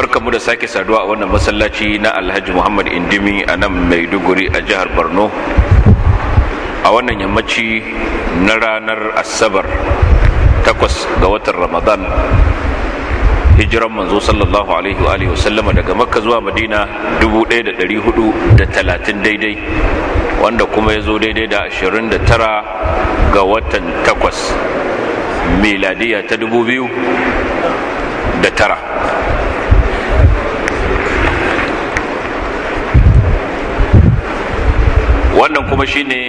barkamu da sake saduwa a wannan masallaci na alhaji muhammad indimi a nan maiduguri a jihar borno a wannan yammaci na ranar asabar takwas ga watan ramadan hijiran manzo sallallahu alaihi wa alihi daga makka zuwa madina 1430 daidai wanda kuma ya zo daidai da 29 ga watan takwas miladiya ta 2009 wannan kuma shi ne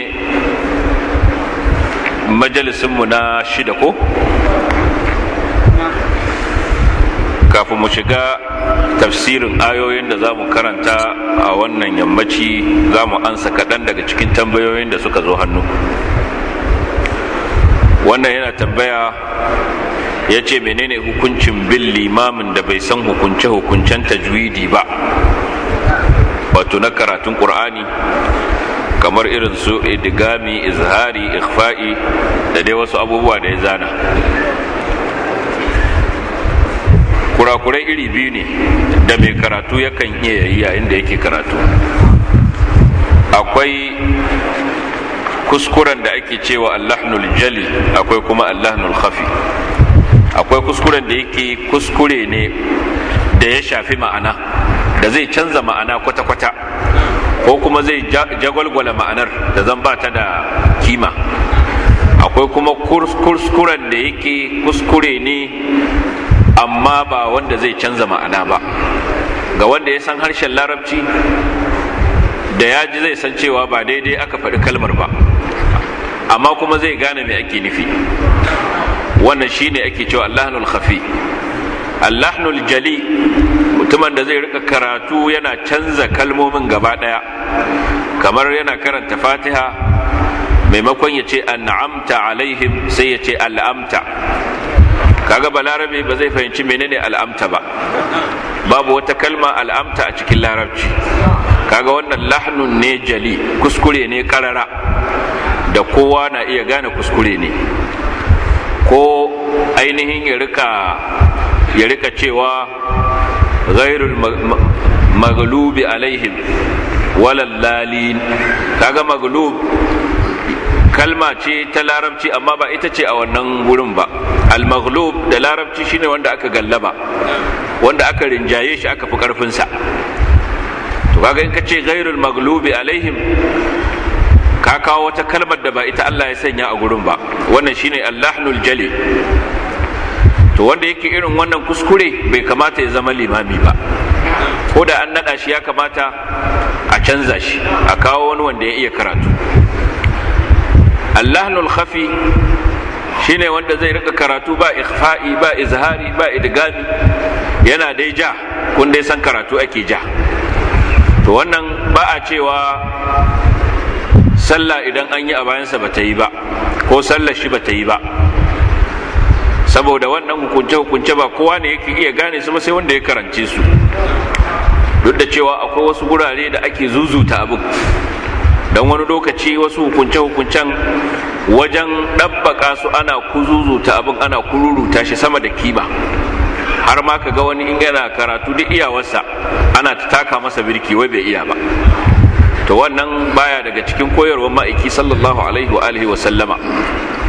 majalisinmu na shida ko kafin mu shiga tafsirin ayoyin da za mu karanta a wannan yammaci za mu ansa kaɗan daga cikin tambayoyin da suka zo hannu wannan yana tambaya ya ce menene hukuncin bin limamin da bai san hukunce-hukuncen tajwidi ba wato na karatun ƙur'ani kamar irin su idigami izhari ikhfa'i da dai wasu abubuwa da ya zana kurakurai iri biyu ne da mai karatu yakan iya yayi yayin da yake karatu akwai kuskuren da ake cewa allahnul jali akwai kuma allahnul khafi akwai kuskuren da yake kuskure ne da ya shafi ma'ana da zai canza ma'ana kwata-kwata ko kuma zai jagwalgwala ma'anar da zan ba ta da kima akwai kuma kuskuren da yake kuskure ne amma ba wanda zai canza ma'ana ba ga wanda ya san harshen larabci da ya ji zai san cewa ba daidai aka faɗi kalmar ba amma kuma zai gane me ake nufi wannan shine ake cewa allahnul khafi allahnul jali mutumin da zai rika karatu yana canza kalmomin gaba daya kamar yana karanta fatiha maimakon ya ce an'amta alaihim sai ya ce al'amta kaga balarabe ba zai fahimci menene al'amta ba babu wata kalma al'amta a cikin larabci kaga wannan lahnun ne jali kuskure ne karara da kowa na iya gane kuskure ne ko ainihin ya rika ya rika cewa ghairul maghlubi alaihim walallalin kaga maglub kalma ce ta larabci amma ba ita ce a wannan wurin ba al-maghlub da larabci shine wanda aka gallaba wanda aka rinjaye shi aka fi karfinsa to kaga in ka ce ghairul maghlubi alaihim ka kawo wata kalmar da ba ita Allah ya sanya a gurin ba wannan shine allahnul jali to wanda yake irin wannan kuskure bai kamata ya zama limami ba ko da an naɗa shi ya kamata a canza shi a kawo wani wanda ya iya karatu allahnul khafi shine wanda zai rika karatu ba ikhfa'i ba izhari ba idgami yana dai ja kun dai san karatu ake ja to wannan ba a cewa sallah idan an yi a bayansa ba ta yi ba ko sallar shi ba ta yi ba saboda wannan hukunce hukunce ba kowa ne yake iya gane su ba sai wanda ya karance su duk da cewa akwai wasu gurare da ake zuzuta abin don wani lokaci wasu hukunce hukuncen wajen ɗabbaka su ana kuzuzuta abin ana kururuta shi sama da kima har ma ka ga wani in yana karatu duk iyawarsa ana ta taka masa birki wai bai iya ba to wannan baya daga cikin koyarwar ma'aiki sallallahu alaihi wa alihi wa sallama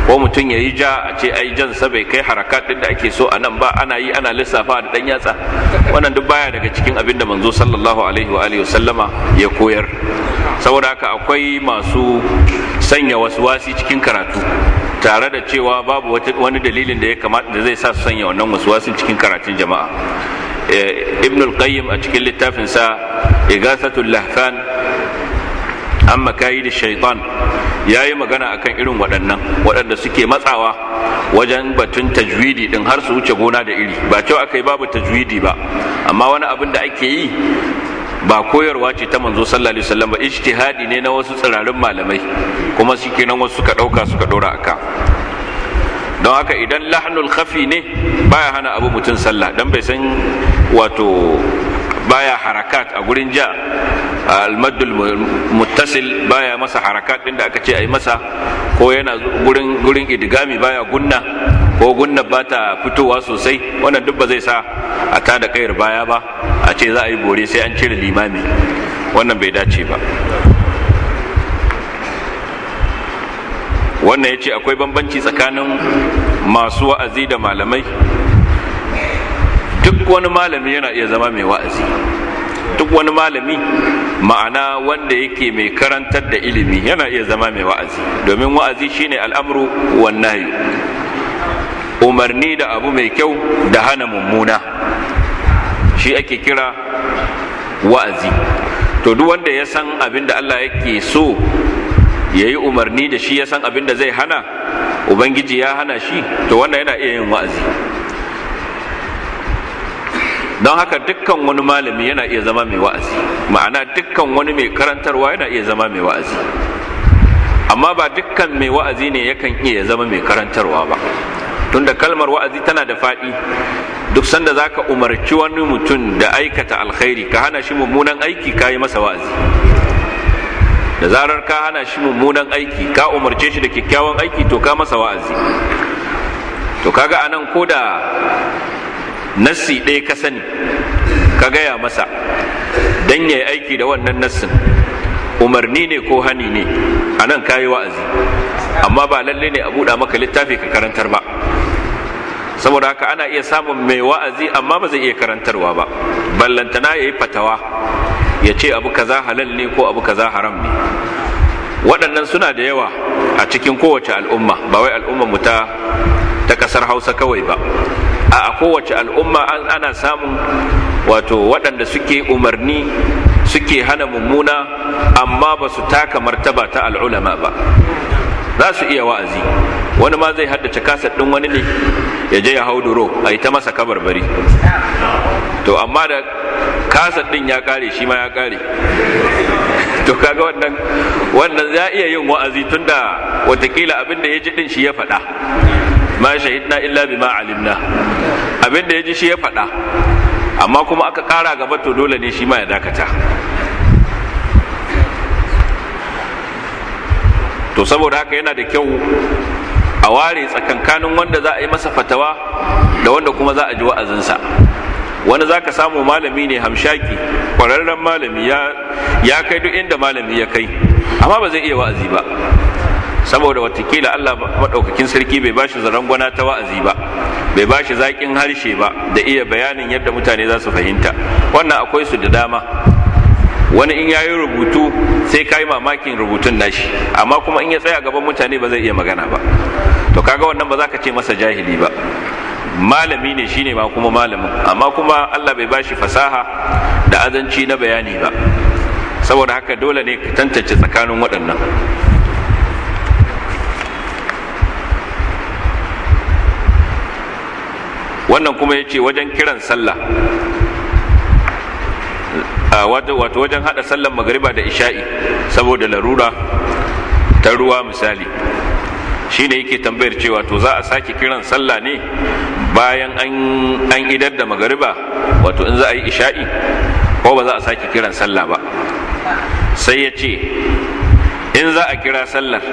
ko mutum ya yi ja a ce ai jansa bai kai haraka din da ake so a nan ba ana yi ana lissafa da dan yatsa wannan duk baya daga cikin abin da manzo sallallahu alaihi wa alihi sallama ya koyar saboda haka akwai masu sanya wasu wasi cikin karatu tare da cewa babu wani dalilin da ya kamata da zai sa su sanya wannan wasu wasin cikin karatun jama'a eh, ibn al-qayyim a cikin littafinsa igasatul lahfan amma kayi da shaitan ya yi magana a kan irin waɗannan waɗanda suke matsawa wajen batun tajwidi ɗin har su wuce gona da iri ba cewa aka yi babu tajwidi ba amma wani abin da ake yi ba koyarwa ce ta manzo sallallahu alaihi wasallam ba ijtihadi ne na wasu tsirarin malamai kuma nan wasu suka ɗauka suka ɗora aka don haka idan lahnul khafi ne baya hana abu mutum sallah dan bai san wato baya harakat a gurin ja almaddul muttasil baya masa harakat din da aka ce a yi masa ko yana gurin gurin idigami baya gunna ko gunna ba ta fitowa sosai wannan duk ba zai sa a ta da kayar baya ba a ce za a yi bore sai an cire limami wannan bai dace ba wannan ya ce akwai bambanci tsakanin masu wa'azi da malamai duk wani malami yana iya zama mai wa'azi duk wani malami ma'ana wanda yake mai karantar da ilimi yana iya zama mai wa'azi domin wa'azi shine al'amru wan umarni da abu mai kyau da hana mummuna shi ake kira wa'azi to duk wanda ya san abin da Allah yake so ya yi umarni da shi ya san abin da zai hana ubangiji ya hana shi to wannan yana iya yin wa'azi don haka dukkan wani malami yana iya zama mai wa'azi ma'ana dukkan wani mai karantarwa yana iya zama mai wa'azi amma ba dukkan mai wa'azi ne yakan iya zama mai karantarwa ba tunda kalmar wa'azi tana da faɗi duk sanda zaka umarci wani mutum da aikata alkhairi ka hana shi mummunan aiki ka yi masa wa'azi da zarar ka hana shi mummunan aiki ka umarce shi da kyakkyawan aiki to ka masa wa'azi to kaga anan ko da nassi ɗaya ka sani ka gaya masa don ya yi aiki da wannan nassin umarni ne ko hani ne a nan kayi wa'azi amma ba lalle ne a buɗa maka littafi ka karantar ba saboda haka ana iya samun mai wa'azi amma ba zai iya karantarwa ba ballantana ya yi fatawa ya ce abu kaza halal ne ko abu kaza haram ne waɗannan suna da yawa a cikin kowace al'umma ba wai al'ummar mu ta ta ƙasar hausa kawai ba a kowace al'umma ana samun wato waɗanda suke umarni suke hana mummuna amma ba su taka martaba ta al'ulama ba za su iya wa'azi wani ma zai haddace kasar ɗin wani ne ya je ya hauduro, a yi ta masa kabarbari to amma da kasar ɗin ya ƙare shi ma ya ƙare to kaga wannan wannan za iya yin wa'azi tun da watakila abin da ya ji ɗin shi ya faɗa ma shahidna illa bima alimna abin da ya ji shi ya faɗa amma kuma aka ƙara gaba to dole ne shi ma ya dakata to saboda haka yana da kyau a ware tsakankanin wanda za a yi masa fatawa da wanda kuma za a ji wa'azinsa wani za ka samu malami ne hamshaki ƙwararren malami ya kai duk inda malami ya kai amma ba zai iya wa'azi ba saboda watakila Allah maɗaukakin sarki bai bashi gwana ta wa'azi ba bai bashi zaƙin harshe ba da iya bayanin yadda mutane za su fahimta wannan akwai su da dama wani in yayi rubutu sai kai mamakin rubutun nashi amma kuma in ya tsaya gaban mutane ba zai iya magana ba to kaga wannan ba za ka ce masa jahili ba malami ne shine ma kuma malamin amma kuma Allah bai bashi fasaha da azanci na bayani ba saboda haka dole ne ka tantance tsakanin waɗannan wannan kuma ya ce wajen kiran sallah wato wajen hada sallar magariba da isha'i saboda larura ta ruwa misali shi ne yake tambayar cewa to za a sake kiran sallah ne bayan an idar da magariba wato in za a yi isha'i ko ba za a sake kiran sallah ba sai ya ce in za a kira sallar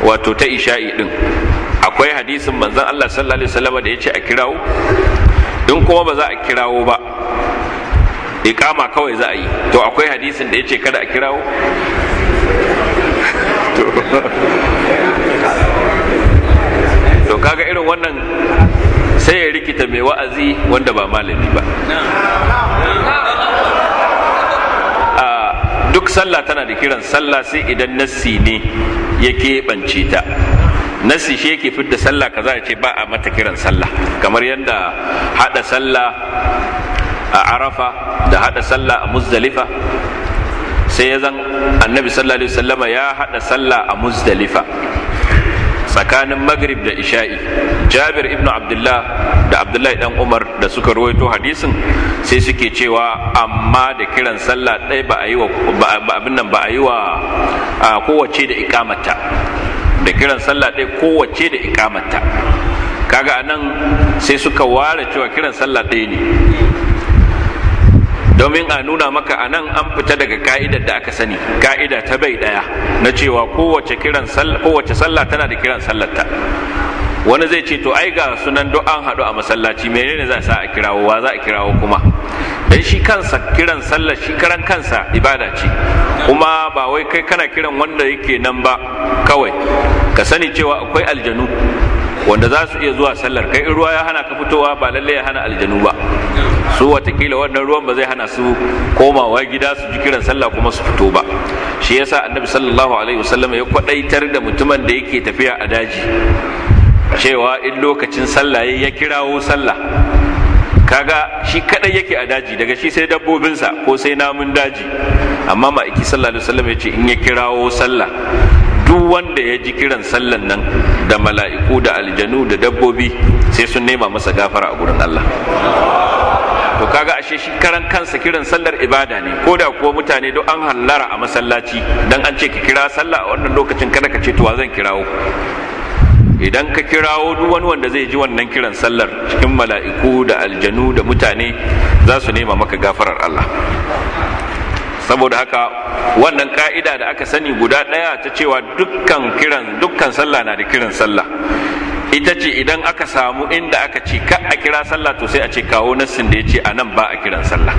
wato ta isha'i din akwai hadisin manzon Allah sallallahu alaihi wasallam da yace a kirawo in kuma ba za a kirawo ba iqama kawai za a yi to akwai hadisin da yace kada a kirawo to kaga irin wannan sai ya rikita mai wa'azi wanda ba malami ba duk sallah tana da kiran sallah sai idan nassi ne ya keɓance ta nasi shi yake fidda sallah kaza ya ce ba a mata kiran sallah kamar yadda hada sallah a arafa da hada sallah a muzdalifa sai ya zan annabi sallallahu alaihi wasallama ya hada sallah a muzdalifa tsakanin maghrib da isha'i jabir ibn abdullah da abdullahi dan umar da suka ruwaito hadisin sai suke cewa amma da kiran sallah ɗaya ba a yi wa abin nan ba a yi wa kowace da ikamata da kiran sallah ɗaya kowace da ikamata kaga anan sai suka ware cewa kiran sallah ɗaya ne domin a nuna maka anan an fita daga ka'idar da aka sani ka'ida ta bai ɗaya na cewa kowace sallah tana da kiran sallarta wani zai ce to ai ga sunan duk an haɗu a masallaci menene za a sa kirawo wa za a kirawo kuma dan shi kansa kiran sallar shi karan kansa ibada ce kuma ba wai kai kana kiran wanda yake nan ba kawai ka sani cewa akwai aljanu wanda za su iya zuwa sallar kai in ruwa ya hana ka fitowa ba lalle ya hana aljanu ba su watakila wannan ruwan ba zai hana su komawa gida su ji kiran sallah kuma su fito ba shi yasa annabi sallallahu alaihi wasallam ya kwadaitar da mutumin da yake tafiya a daji cewa in lokacin sallah ya kirawo sallah kaga shi kadai yake a daji daga shi sai dabbobinsa ko sai namun daji amma ma'aiki sallallahu alaihi wasallam ya ce in ya kirawo sallah duk wanda ya ji kiran sallan nan da mala'iku da aljanu da dabbobi sai sun nema masa gafara a gurin Allah to kaga ashe shi karan kansa kiran sallar ibada ne ko da kuwa mutane duk an hallara a masallaci dan an ce ka kira sallah a wannan lokacin kada ka ce to zan kirawo idan ka kirawo duk wani wanda zai ji wannan kiran sallar cikin mala'iku da aljanu da mutane za su nema maka gafarar Allah saboda haka wannan ka'ida da aka sani guda ɗaya ta cewa dukkan kiran dukkan sallah na da kiran sallah ita ce idan aka samu inda aka ce ka a kira sallah to sai a ce kawo nassin da ya ce a nan ba a kiran sallah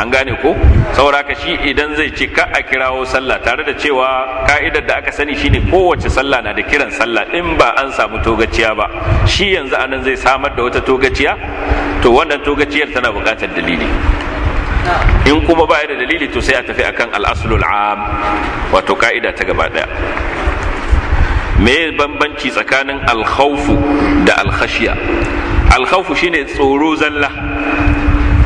an gane ko ka shi idan zai ce ka a kirawo sallah tare da cewa ka'idar da aka sani shine kowace sallah na da kiran sallah in ba an samu togaciya ba shi yanzu anan zai samar da wata togaciya to wannan togaciyar tana buƙatar dalili in kuma ba da dalili to sai a tafi akan al'asulul am wato ka'ida ta gaba ɗaya. me bambanci tsakanin alkhawfu da alkhashiya alkhawfu shine tsoro zalla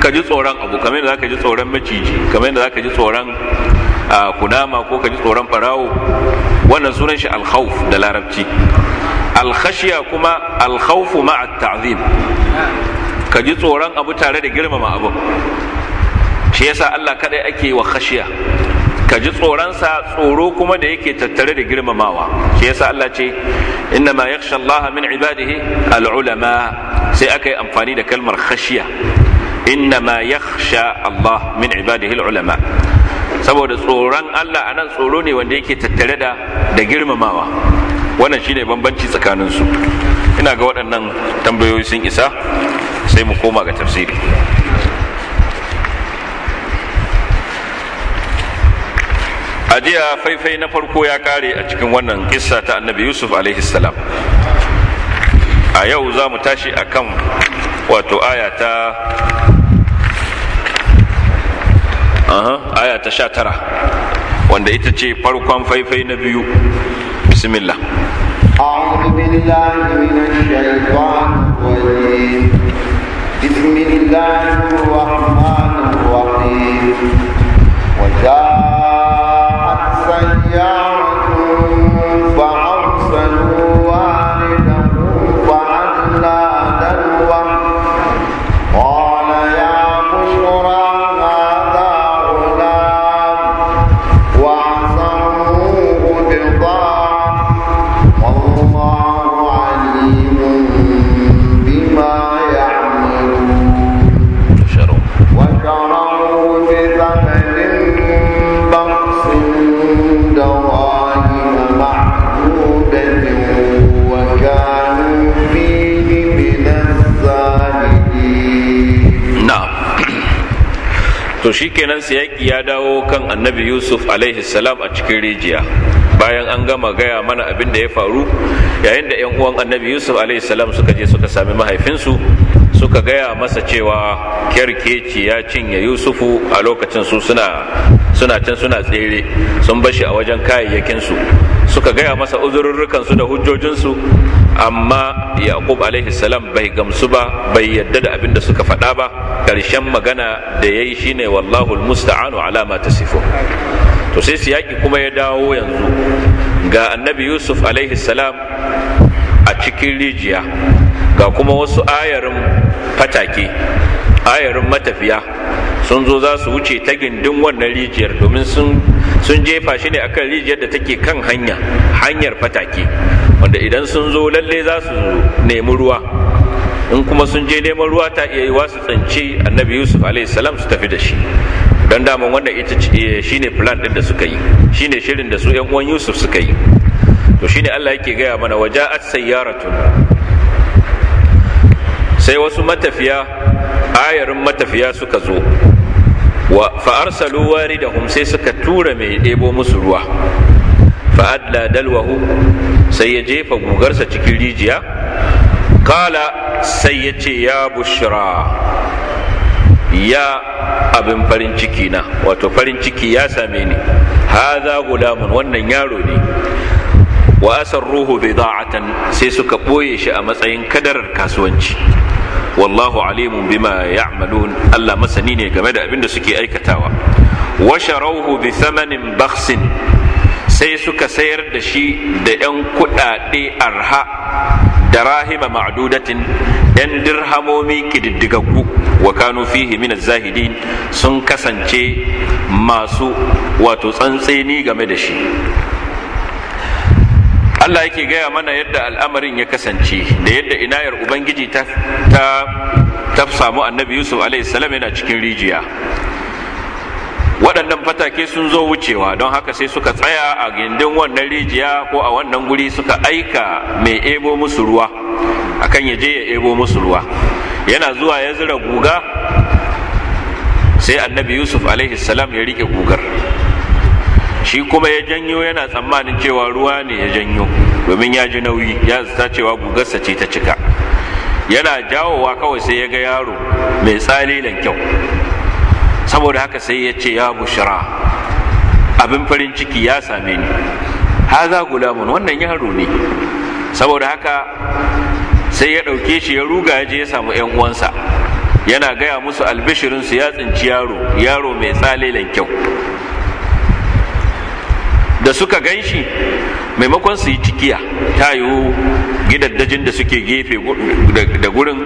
ka ji tsoron abu kamar yadda zaka ji tsoron maciji kamar yadda zaka ji tsoron kunama ko ka ji tsoron farawo wannan sunan shi alkhawf da larabci alkhashiya kuma alkhawfu ma'a ta'zim ka ji tsoron abu tare da girmama abu shi yasa Allah kadai ake wa khashiya ka ji tsoronsa tsoro kuma da yake tattare da girmamawa shi yasa Allah ce inna ma yakhsha Allah min ibadihi al-ulama sai aka yi amfani da kalmar khashiya inna ma yakhsha Allah min ibadihi al-ulama saboda tsoron Allah anan tsoro ne wanda yake tattare da da girmamawa wannan shine bambanci tsakanin su ina ga waɗannan tambayoyi sun isa sai mu koma ga tafsiri a jiya faifai na farko ya kare a cikin wannan kissa ta annabi yusuf salam a yau za mu tashi a kan wato aya ta aya ta sha tara wanda ita ce farkon faifai na biyu bismillah أعوذ بالله من الشيطان الرجيم بسم الله الرحمن الرحيم وجاء to sai siyaki ya dawo kan annabi yusuf alaihi salam a cikin rijiya bayan an gama gaya mana abin da ya faru yayin da yan uwan annabi yusuf alaihi salam suka je suka sami mahaifinsu suka gaya masa cewa kyarkeci ya cinye yusufu a lokacin su suna suna can suna tsere sun bashi a wajen kayayyakinsu suka gaya masa uzururrukansu da hujjojinsu amma yaqub alaihi salam bai gamsu ba bai yadda da abin da suka faɗa ba Karshen magana da ya yi shine wallahu musta'anu ala ma tasifu to sai su yaƙi kuma ya dawo yanzu ga annabi yusuf alaihi salam a cikin rijiya ga kuma wasu ayarin fatake ayarin matafiya sun zo za su wuce ta gindin wannan rijiyar domin sun jefa shi ne akan rijiyar da take kan hanya hanyar fatake wanda idan sun zo lalle za su nemi ruwa in kuma sun je neman ruwa ta iya yiwa su tsinci annabi yusuf salam su tafi da shi don daman wanda ita eh, shi ne plan din da suka yi Shi ne shirin da su yan uwan yusuf suka yi to shi ne allah yake gaya mana waje sayyaratun sai wasu matafiya ayarin matafiya suka zo wa fa'arsalu da sai suka tura mai ɗebo musu ruwa fa'adla dalwahu sai ya jefa gugarsa cikin rijiya kala sai ya ce ya bushra ya abin farin ciki na wato farin ciki ya same ni haza gulamun wannan yaro ne wa asar ruhu bida'atan sai suka ɓoye shi a matsayin kadarar kasuwanci wallahu alimun bima ya'malun Allah masani ne game da abin da suke aikatawa wa sharauhu bi thamanin sai suka sayar da shi da 'yan kuɗaɗe arha da rahima ma'adudatin 'yan dirhamomi ƙididdigaggu wa kanu fihi min zahidin sun kasance masu wato tsantseni game da shi Allah yake gaya mana yadda al'amarin ya kasance da yadda inayar Ubangiji ta, ta, samu annabi Yusuf salam yana cikin rijiya waɗannan fatake sun zo wucewa don haka sai suka tsaya a gindin wannan rijiya ko a wannan guri suka aika mai ebo musu ruwa akan ya je ya ebo musu ruwa yana zuwa ya zira guga sai annabi yusuf salam ya rike gugar shi kuma ya janyo yana tsammanin cewa ruwa ne ya janyo domin ya ji nauyi ya zata cewa gugarsa ce ta cika yana jawowa kawai sai ya ga yaro mai tsalilan kyau saboda haka sai ya ce ya bushra abin farin ciki ya same ni haza gulamun wannan yaro ne saboda haka sai ya ɗauke shi ya ruga ya je ya samu 'yan uwansa yana gaya musu albishirinsu ya tsinci yaro yaro mai tsalilan kyau da suka gan shi maimakon su yi cikiya ta yiwu gidaddajin da suke gefe da gurin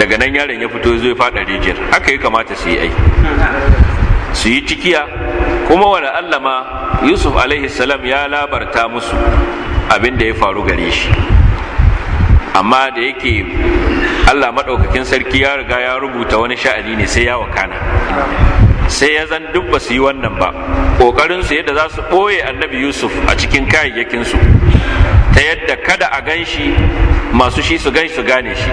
daga nan yaron ya fito zai fada rijiyar haka ya kamata su yi ai su yi cikiya kuma wani allama yusuf alaihi ya labarta musu abin da ya faru gare shi amma da yake allah maɗaukakin sarki ya riga ya rubuta wani sha'ani ne sai ya wakana sai ya zan duk ba su yi wannan ba ƙoƙarinsu yadda za su ɓoye annabi yusuf a cikin kayayyakinsu ta yadda kada a gan shi masu shi su gan su gane shi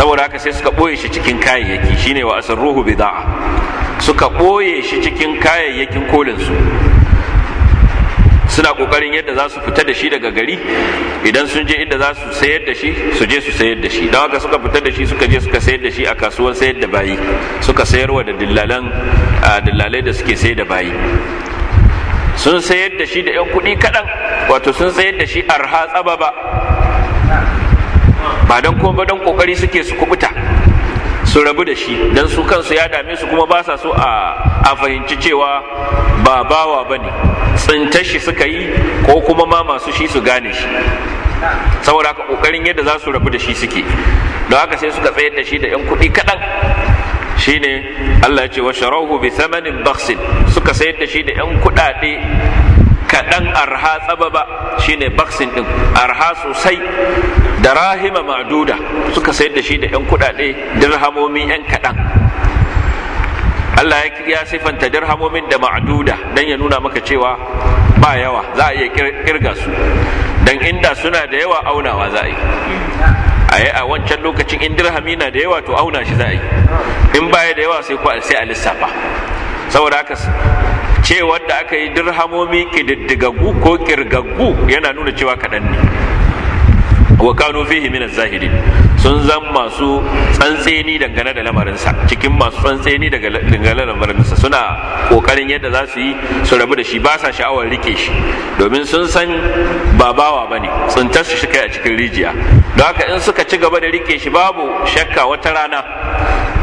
saboda haka sai suka ɓoye shi cikin kayayyaki shine wa ruhu bida'a suka ɓoye shi cikin kayayyakin kolinsu suna kokarin yadda za su fita da shi daga gari idan sun je inda za su sayar da shi su je su sayar da shi don haka suka fita da shi suka je suka sayar da shi a kasuwar sayar da bayi suka sayarwa da dillalan dillalai da suke sayar da bayi sun sayar da shi da 'yan kuɗi kaɗan wato sun sayar da shi arha tsaba ba ba don kuma ba don ƙoƙari suke su kubuta su rabu da shi don su kansu ya dame su kuma ba sa so a fahimci cewa ba bawa ba ne tsintar shi suka yi ko kuma ma masu shi su gane shi saboda haka ƙoƙarin yadda za su rabu da shi suke don haka sai suka tsayar da shi da 'yan kuɗi kaɗan shine Allah ya ce wa sharahu bi thamanin baksin suka sayar da shi da yan kuɗaɗe kaɗan arha tsababa shine baksin ɗin arha sosai da rahima ma'duda suka sayar da shi da yan kuɗaɗe dirhamomi yan kaɗan Allah ya sifanta dirhamomin da ma'duda don ya nuna maka cewa ba yawa za a iya kirga su Dan inda suna da yawa aunawa za a yi Ayi, a wancan lokacin in dirhami na da yawa to auna shi za a yi in baya da yawa sai sai a lissafa saboda haka ce wanda aka yi dirhamomi kididdigaggu ko kirgaggu yana nuna cewa kaɗan ne wa kanu fihi min zahiri sun zan masu tsantseni dangane da lamarinsa cikin masu tsantseni dangane lamarinsa suna kokarin yadda za su yi su rabu da shi ba sa sha'awar rike shi domin sun san ba bawa ba ne tsintar shi kai a cikin rijiya don haka in suka ci gaba da rike shi babu shakka wata rana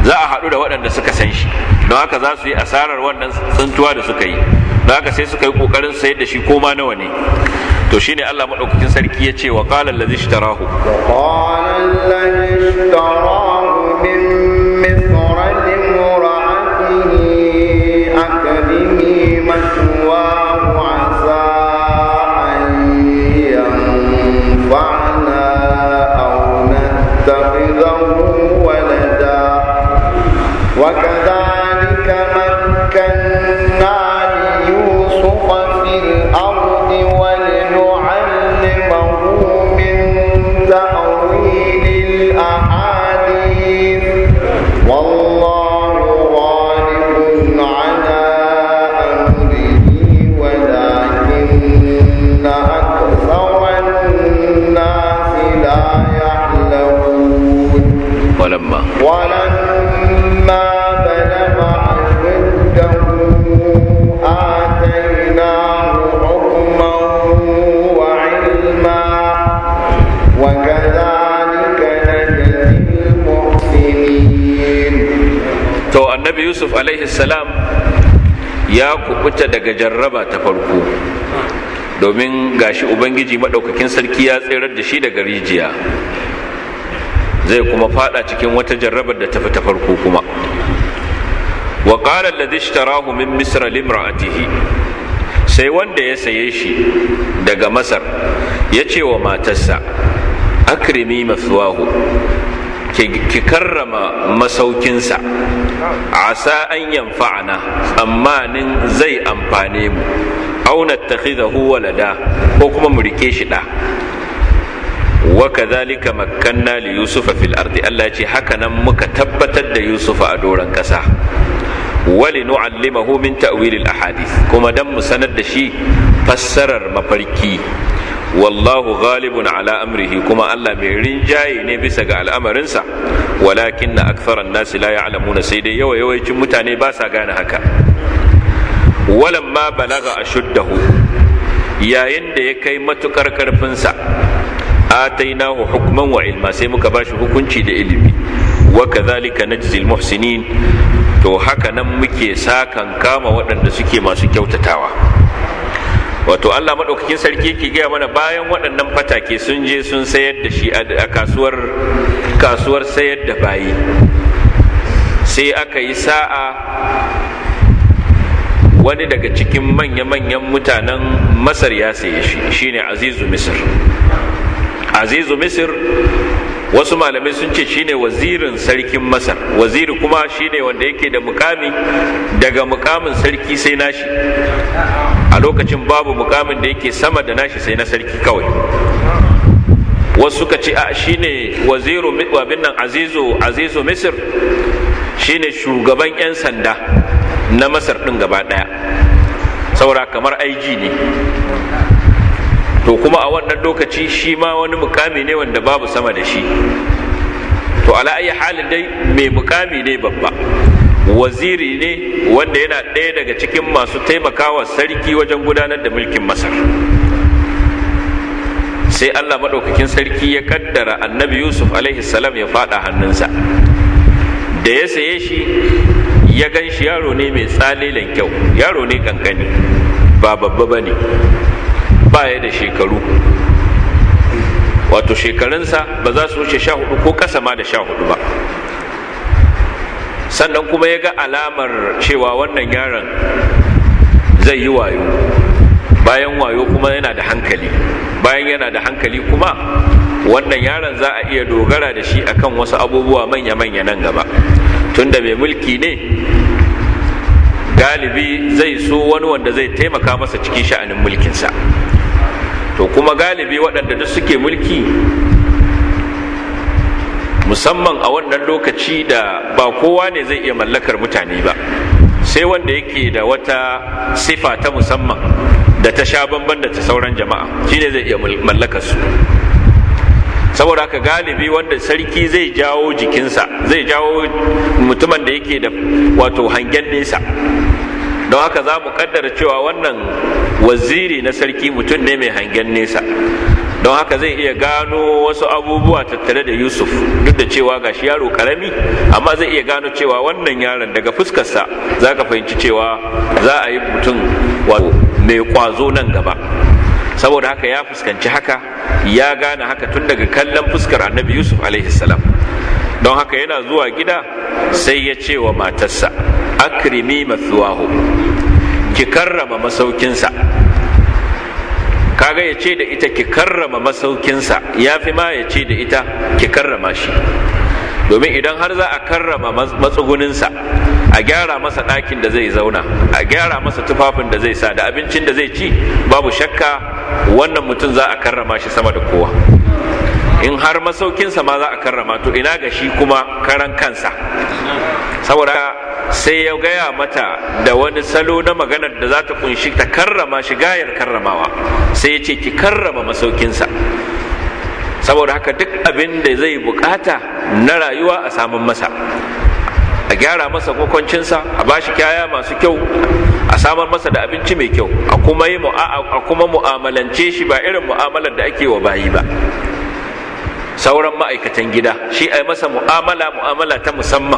za a haɗu da waɗanda suka san shi don haka za su yi asarar wannan tsintuwa da suka yi don haka sai suka yi ƙoƙarin sayar da shi koma nawa ne to shine Allah madaukakin sarki ya ce wa qala allazi ishtarahu yusuf alaihi salam ya kubuta daga jarraba ta farko domin gashi ubangiji maɗaukakin sarki ya tsirar da shi daga rijiya zai kuma fada cikin wata jarrabar da tafi ta farko kuma wa qala alladhi ishtarahu min misra limra'atihi sai wanda ya saye shi daga masar ya ce wa matarsa akrimi mathwahu ki karrama masaukinsa asa an yanfa'ana amma nin zai amfane mu auna takhidahu walada ko kuma mu riƙe shi da wa kadhalika makkanna yusufa fil ardi Allah ce hakanan muka tabbatar da yusufa a doran kasa wali nu'allimahu min ta'wilil ahadith kuma dan mu sanar da shi fassarar mafarki wallahu ghalibun ala amrihi kuma Allah mai rinjaye ne bisa ga al'amarinsa walakin na aktharan nasi la ya'lamuna sai dai yawa yawancin mutane ba sa gane haka walamma balaga ashuddahu yayin da ya kai matukar karfinsa atainahu hukman wa ilma sai muka bashi hukunci da ilimi wa kadhalika najzil muhsinin to haka nan muke sakan kama waɗanda suke masu kyautatawa wato Allah maɗaukakin sarki yake gaya mana bayan waɗannan fatake sun je sun sayar da shi a kasuwar kasuwar sayar da bayi sai aka yi sa'a wani daga cikin manya-manyan mutanen masar ya saye shi shine azizu misir azizu misir wasu malamai sun ce shine wazirin sarkin masar waziri kuma shine wanda yake da mukami daga mukamin sarki sai nashi a lokacin babu mukamin da yake sama da nashi sai na sarki kawai wasu suka ce a shine waziru wabin nan azizu azizu misir shine shugaban 'yan sanda na masar ɗin gaba ɗaya saura kamar aiji ne to kuma a wannan lokaci shi ma wani mukami ne wanda babu sama da shi to ala ayi halin dai mai mukami ne babba waziri ne wanda yana ɗaya daga cikin masu taimakawa sarki wajen gudanar da mulkin masar sai allah maɗaukakin sarki ya kaddara annabi yusuf salam ya faɗa hannunsa da ya saye shi ya gan shi yaro ne mai tsalilan kyau yaro ne kankani ba babba ba ne baya da shekaru wato shekarunsa ba za su wuce sha hudu ko kasa ma da sha hudu ba sannan kuma ya ga alamar cewa wannan yaron zai yi wayo bayan wayo kuma yana da hankali bayan yana da hankali kuma wannan yaron za a iya dogara da shi akan wasu abubuwa manya-manya nan gaba tunda mai mulki ne galibi zai so wani wanda zai taimaka masa cikin sha'anin mulkinsa to kuma galibi waɗanda duk suke mulki musamman a wannan lokaci da ba kowa ne zai iya mallakar mutane ba sai wanda yake da wata sifa ta musamman da ta sha bamban da ta sauran jama'a shine zai iya mallakar su saboda haka galibi wanda sarki zai jawo jikinsa zai jawo mutumin da yake da wato hangen nesa don haka za mu kaddara cewa wannan waziri na sarki mutum ne mai hangen nesa don haka zai iya gano wasu abubuwa tattare da yusuf duk da cewa ga shi yaro karami amma zai iya gano cewa wannan yaron daga fuskarsa za ka fahimci cewa za a yi mutum mai kwazo nan gaba saboda haka ya fuskanci haka ya gane haka tun daga kallon fuskar annabi yusuf salam don haka yana zuwa gida sai ya ce wa matarsa akrimi wahu." ki karrama masaukinsa kaga ya ce da ita ki karrama masaukinsa ya fi ma ya ce da ita ki karrama shi domin idan har za a karrama matsuguninsa a gyara masa ɗakin da zai zauna a gyara masa tufafin da zai sa da abincin da zai ci babu shakka wannan mutum za a karrama shi sama da kowa in har masaukinsa ma za a karrama to ina ga shi kuma karan kansa saboda sai ya gaya mata da wani salo na maganar da za ta kunshi ta karrama shi gayar karramawa sai ya ce ki karrama masaukinsa saboda haka duk abin da zai bukata na rayuwa a samun masa a gyara masa kokoncinsa, a bashi kyaya masu kyau a samar masa da abinci mai kyau a kuma yi a kuma mu'amalance shi ba irin mu'amalar da ake wa bayi ba sauran ma'aikatan gida shi a yi masa mu'amala mu'amala ta musamman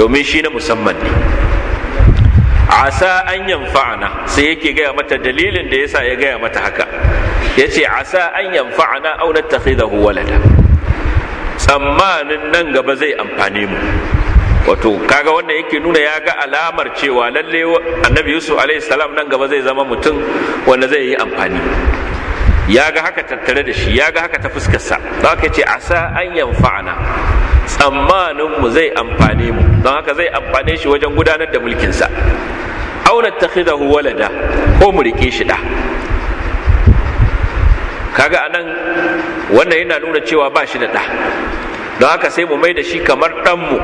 domin shi na musamman ne asa an yanfa'ana sai yake gaya mata dalilin da yasa ya gaya mata haka yace asa an yanfa'ana aw nattakhidahu walada tsammanin nan gaba zai amfani mu wato kaga wanda yake nuna ya ga alamar cewa lalle annabi yusuf alaihi salam nan gaba zai zama mutum wanda zai yi amfani ya ga haka tattare da shi ya ga haka ta fuskarsa don haka ce asa an yanfa'ana tsammanin mu zai amfane mu don haka zai amfane shi wajen gudanar da mulkinsa auna takhidahu walada ko mu rike shi da kaga anan wannan yana nuna cewa ba shi da ɗa don haka sai mu mai da shi kamar ɗanmu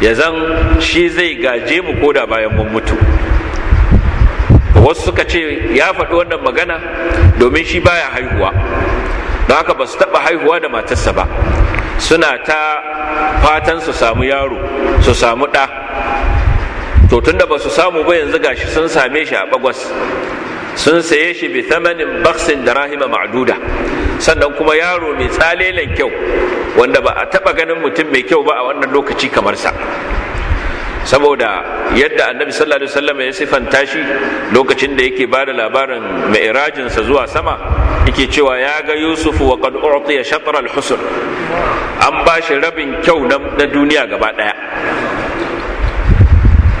ya zan shi zai gaje mu koda bayan mun mutu wasu suka ce ya faɗi wannan magana domin shi baya haihuwa don haka ba su taɓa haihuwa da matarsa ba suna ta fatan su samu yaro su samu ɗa to tunda ba su samu ba yanzu gashi sun same shi a bagwas sun saye shi bi thamanin baksin da rahima ma'duda sannan kuma yaro mai tsalelen kyau wanda ba a taɓa ganin mutum mai kyau ba a wannan lokaci kamar sa saboda yadda annabi sallallahu alaihi wasallam ya sifanta shi lokacin da yake bada labarin ma'irajinsa zuwa sama yake cewa ya ga yusuf wa qad u'tiya shatr al-husn an ba shi rabin kyau na duniya gaba daya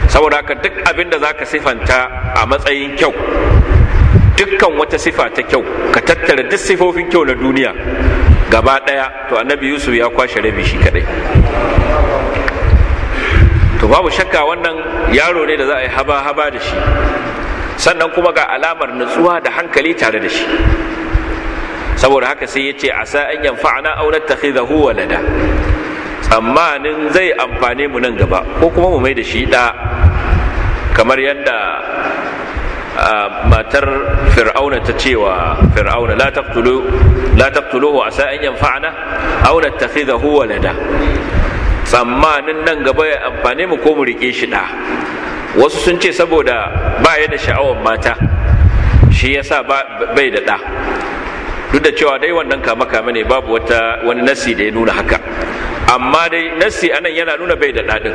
saboda ka duk abin da zaka sifanta a matsayin kyau dukkan wata sifa ta kyau ka tattara duk sifofin kyau na duniya gaba daya to annabi yusuf ya kwashe rabi shi kadai to babu shakka wannan yaro ne da za a yi haba haba da shi sannan kuma ga alamar nutsuwa da hankali tare da shi saboda haka sai ya ce a na an yanfa'ana aw nattakhidahu walada tsammanin zai amfane mu nan gaba ko kuma mu mai da shi da kamar yadda matar fir'auna ta wa fir'auna la taqtulu la taqtuluhu asa an yanfa'ana aw nattakhidahu walada tsammanin nan gaba ya amfane mu ko mu rike shi da wasu sun ce saboda ba ya da sha'awar mata shi ya sa bai da ɗa duk da cewa dai wannan kama kama ne babu wata wani nasi da ya nuna haka amma dai nasi anan yana nuna bai da ɗaɗin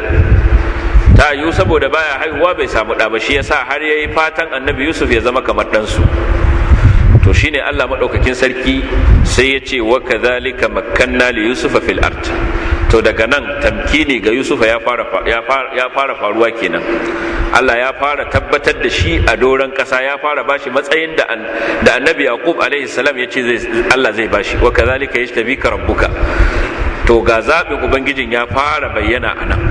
ta yiwu saboda baya haihuwa bai samu ɗa ba shi sa har ya yi fatan annabi yusuf ya zama kamar ɗansu to shi ne allah maɗaukakin sarki sai ya ce wa kazalika makanna li yusufa fil ard to daga nan tamkini ga yusuf ya fara faruwa kenan allah ya fara tabbatar da shi a doron ƙasa ya fara bashi matsayin da annabi yaqub alaihi salam ya ce allah zai bashi wa kazalika yashtabika rabbuka to ga zaɓin ubangijin ya fara bayyana a nan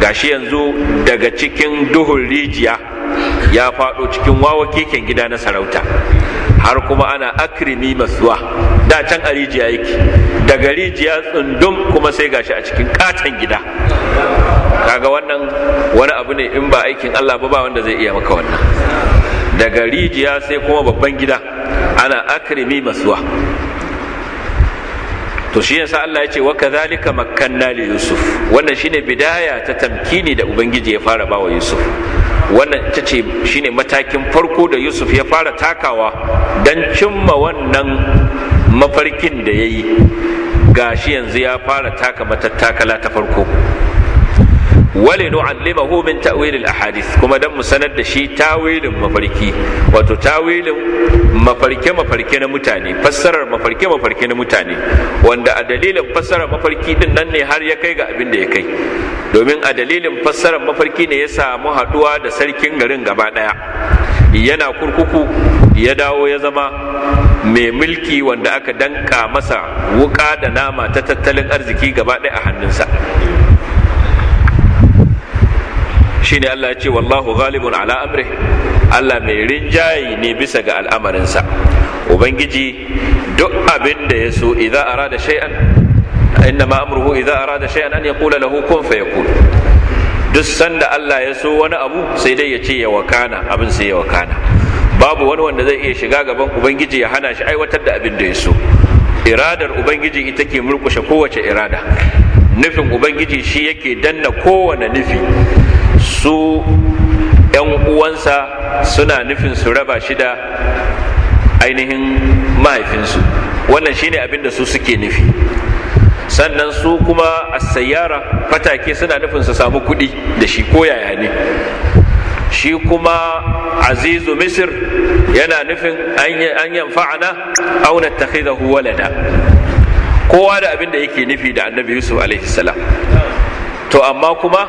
gashi yanzu daga cikin duhun rijiya ya faɗo cikin wawa keken gida na sarauta har kuma ana akrimi masuwa da can a rijiya yake daga rijiya tsundum kuma sai gashi a cikin katon gida kaga wannan wani abu ne in ba aikin Allah ba ba wanda zai iya maka wannan daga rijiya sai kuma babban gida ana akrimi masuwa to shi yasa Allah ya ce wa kadhalika makkanna li yusuf wannan shine bidaya ta tamkini da ubangiji ya fara bawa yusuf wannan ita ce shine matakin farko da yusuf ya fara takawa don cimma wannan mafarkin da ya yi shi yanzu ya fara taka matattakala ta farko wale nu'allimahu min ta'wil al-ahadith kuma dan mu sanar da shi tawilin mafarki wato tawilin mafarke mafarke na mutane fassarar mafarke mafarke na mutane wanda a dalilin fassarar mafarki din nan ne har ya kai ga abin da ya kai domin a dalilin fassarar mafarki ne ya samu haduwa da sarkin garin gaba daya yana kurkuku ya dawo ya zama mai mulki wanda aka danka masa wuka da nama ta tattalin arziki gaba daya a hannunsa shine Allah ya ce wallahu ghalibun ala amri Allah mai rinjayi ne bisa ga al'amarinsa ubangiji duk abin da ya so idza arada shay'an inna ma amruhu idza arada shay'an an yaqula lahu kun fayakun duk sanda Allah ya so wani abu sai dai ya ce ya wakana abin sai ya wakana babu wani wanda zai iya shiga gaban ubangiji ya hana shi aiwatar da abin da ya so iradar ubangiji ita ke murkushe kowace irada nufin ubangiji shi yake danna kowane nufi su ‘yan uwansa suna nufin su raba shi da ainihin mahaifinsu wannan shine abin da su suke nufi sannan su kuma a sayyara fatake suna nufin su samu kuɗi da shi ko yaya ne shi kuma azizu misir yana nufin an yanfa'ana auna takhidahu walada kowa da abin da yake nufi da annabi yusuf alaihi salam to amma kuma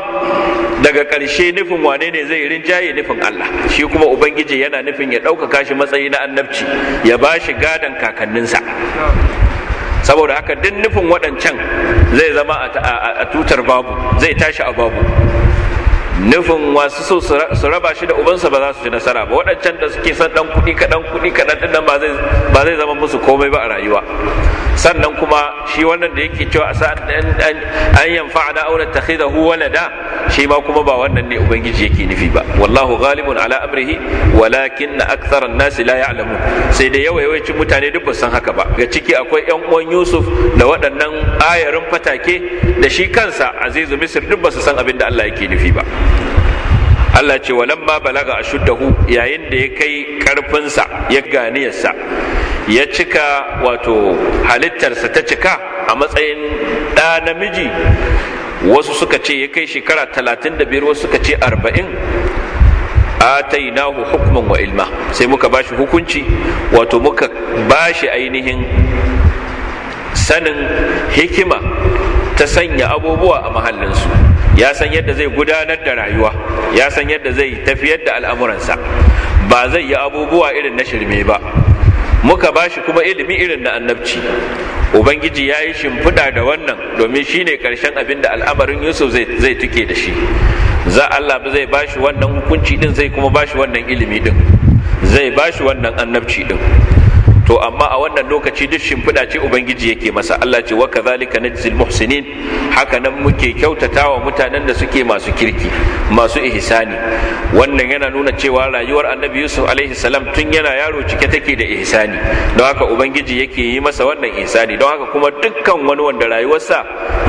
daga ƙarshe nufin wane ne zai rinjaye nufin Allah shi kuma ubangiji yana nufin ya ɗaukaka shi matsayi na annabci ya ba shi gadon kakanninsa saboda haka duk nufin waɗancan zai zama a tutar babu zai tashi a babu nufin wasu so su raba shi da ubansa ba za su ci nasara ba waɗancan da suke son ɗan kuɗi kaɗan kuɗi kaɗan ɗin ba zai zama musu komai ba a rayuwa sannan kuma shi wannan da yake cewa 'da an yanfa na da huwa hu da. shi ma kuma ba wannan ne ubangiji yake nufi ba wallahu ghalibun ala amrihi walakin na an nasi la alamu. sai da yawa yawancin mutane duk basu san haka ba ga ciki akwai yan uwan Yusuf da waɗannan ayarin fatake da shi kansa Azizu Misir duk ba san abin da Allah yake nufi ba Allah ce walamma balaga ashuddahu yayin da ya kai karfinsa ya ganiyarsa ya cika wato halittarsa ta cika a matsayin ɗa namiji wasu suka ce ya kai shekara talatin da biyar wasu suka ce arba'in a atainahu hukuman wa ilma sai muka bashi hukunci wato muka bashi ainihin sanin hikima ta sanya abubuwa a mahallinsu ya san yadda zai gudanar da rayuwa ya san yadda zai tafiyar da al'amuransa ba zai yi abubuwa irin na shirme ba muka shi kuma ilimi irin na annabci ubangiji ya yi shimfiɗa da wannan domin shi ne ƙarshen abin da al'amarin yusuf zai tuke da shi za allah zai ba shi wannan hukunci ɗin zai kuma ba shi wannan ilimi ɗin zai ba shi wannan annabci din to amma a wannan lokaci duk shimfiɗa ce ubangiji yake masa Allah ce wa kadhalika najzil muhsinin haka nan muke kyautatawa mutanen da suke masu kirki masu ihsani wannan yana nuna cewa rayuwar annabi yusuf alaihi salam tun yana yaro cike take da ihsani don haka ubangiji yake yi masa wannan ihsani don haka kuma dukkan wani wanda rayuwarsa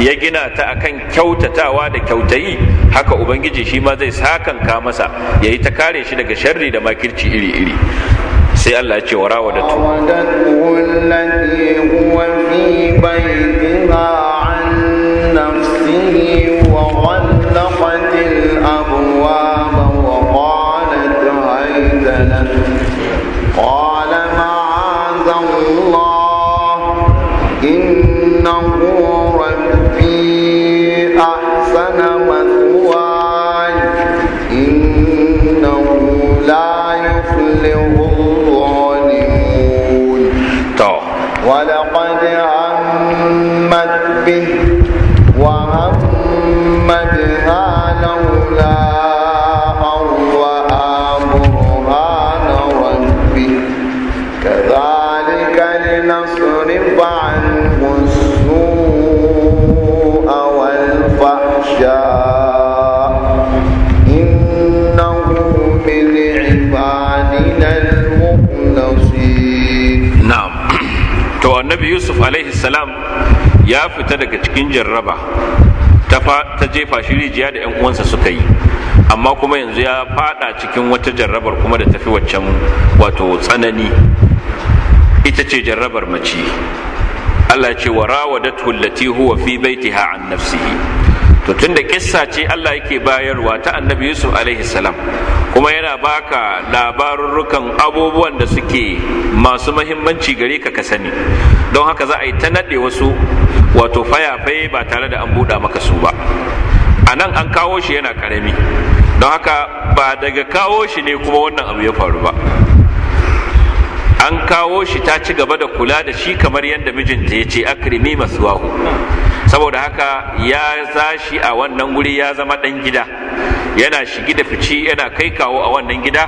ya gina ta akan kyautatawa da kyautayi haka ubangiji shi ma zai sakanka masa yayi ta kare shi daga sharri da makirci iri-iri sai Allah ya ce wa rawadatu salam ya fita daga cikin jarraba ta jefa shi rijiya da 'yan uwansa suka yi amma kuma yanzu ya fada cikin wata jarrabar kuma da tafi waccan wato tsanani ita ce jarrabar mace Allah ce wa rawadatu allati huwa fi baitiha an nafsihi to tunda kissa ce Allah yake bayarwa ta annabi Yusuf alaihi salam kuma yana baka labarurrukan abubuwan da suke masu mahimmanci gare ka sani don haka za a yi ta naɗe wasu wato fayafai ba tare da an buɗa maka su ba a nan an kawo shi yana ƙarami don haka ba daga kawo shi ne kuma wannan abu ya faru ba an kawo shi ta ci gaba da kula da shi kamar yadda mijinta ya ce akrimi masu saboda haka ya zashi a wannan guri ya zama ɗan gida yana shigi da fici yana kai kawo a wannan gida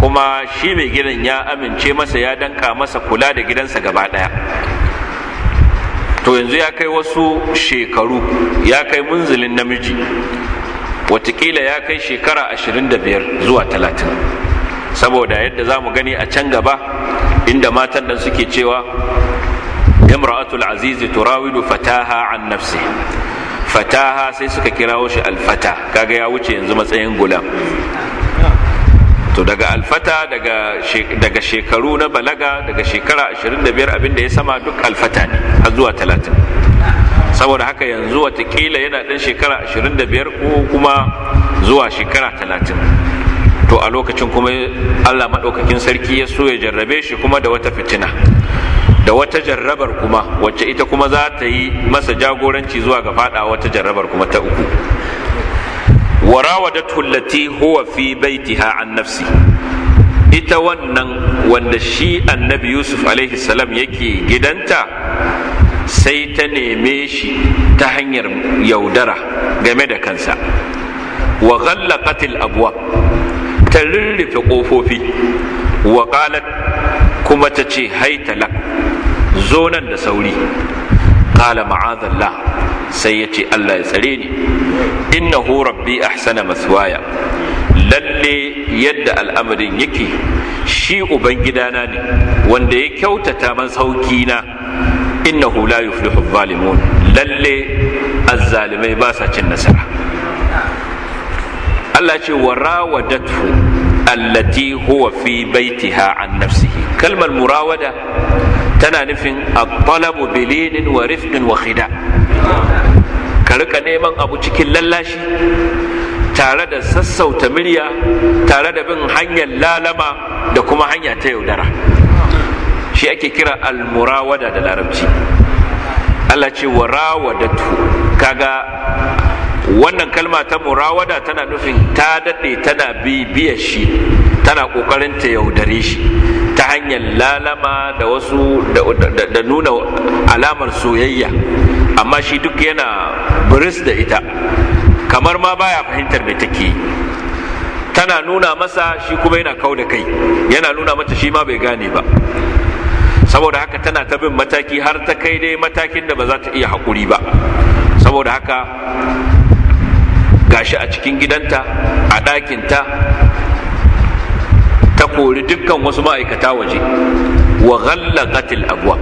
kuma shi mai gidan ya amince masa ya danka masa kula da gidansa gaba ɗaya to yanzu ya kai wasu shekaru ya kai munzulin namiji watakila ya kai shekara 25 zuwa 30 saboda yadda za mu gani a can gaba inda matan da suke cewa imra'atul azizi turawidu fataha an nafsi fataha sai suka kirawo shi alfata kaga ya wuce yanzu matsayin gulam to daga alfata daga shekaru na balaga daga shekara 25 abinda ya sama duk alfata ne har zuwa 30 saboda haka yanzu watakila yana ɗan shekara 25 ko kuma zuwa shekara 30 to a lokacin kuma allah maɗaukakin sarki ya so ya jarrabe shi kuma da wata fitina da wata jarrabar kuma wacce ita kuma za ta yi masa jagoranci zuwa ga fada wata jarrabar kuma ta uku warawadatu allati huwa fi baitiha an nafsi ita wannan wanda shi annabi yusuf alaihi salam yake gidanta sai ta neme shi ta hanyar yaudara game da kansa wa ghallaqat al ta rurrufe kofofi wa qalat kuma ta ce haitala zo nan da sauri qala ma'adallah sai ya ce Allah ya tsare ni innahu rabbi ahsana maswaya lalle yadda al'amarin yake shi ubangidana ne wanda ya kyautata man saukina hu la yuflihu zalimun lalle azzalimai ba sa cin nasara Allah ce wa rawadatu allati huwa fi baitiha an nafsihi kalmar murawada tana nufin a talabu bilinin wa rifqin wa khida ka rika neman abu cikin lallashi tare da sassauta murya tare da bin hanyar lalama da kuma hanya ta yaudara shi ake kira almurawada da larabci Allah ce wa kaga wannan kalma ta murawada tana nufin ta daɗe tana bibiyar shi tana ƙoƙarin ta yaudare shi ta hanyar lalama da wasu da nuna alamar soyayya amma shi duk yana biris da ita kamar ma baya fahimtar mai take tana nuna masa shi kuma yana kau da kai yana nuna mata shi ma bai gane ba saboda haka tana ta bin mataki har ta kai dai matakin da ba za ta iya haƙuri ba saboda haka gashi a cikin gidanta a ɗakinta ta kori dukkan wasu ma'aikata waje wa ghallaqat al-abwa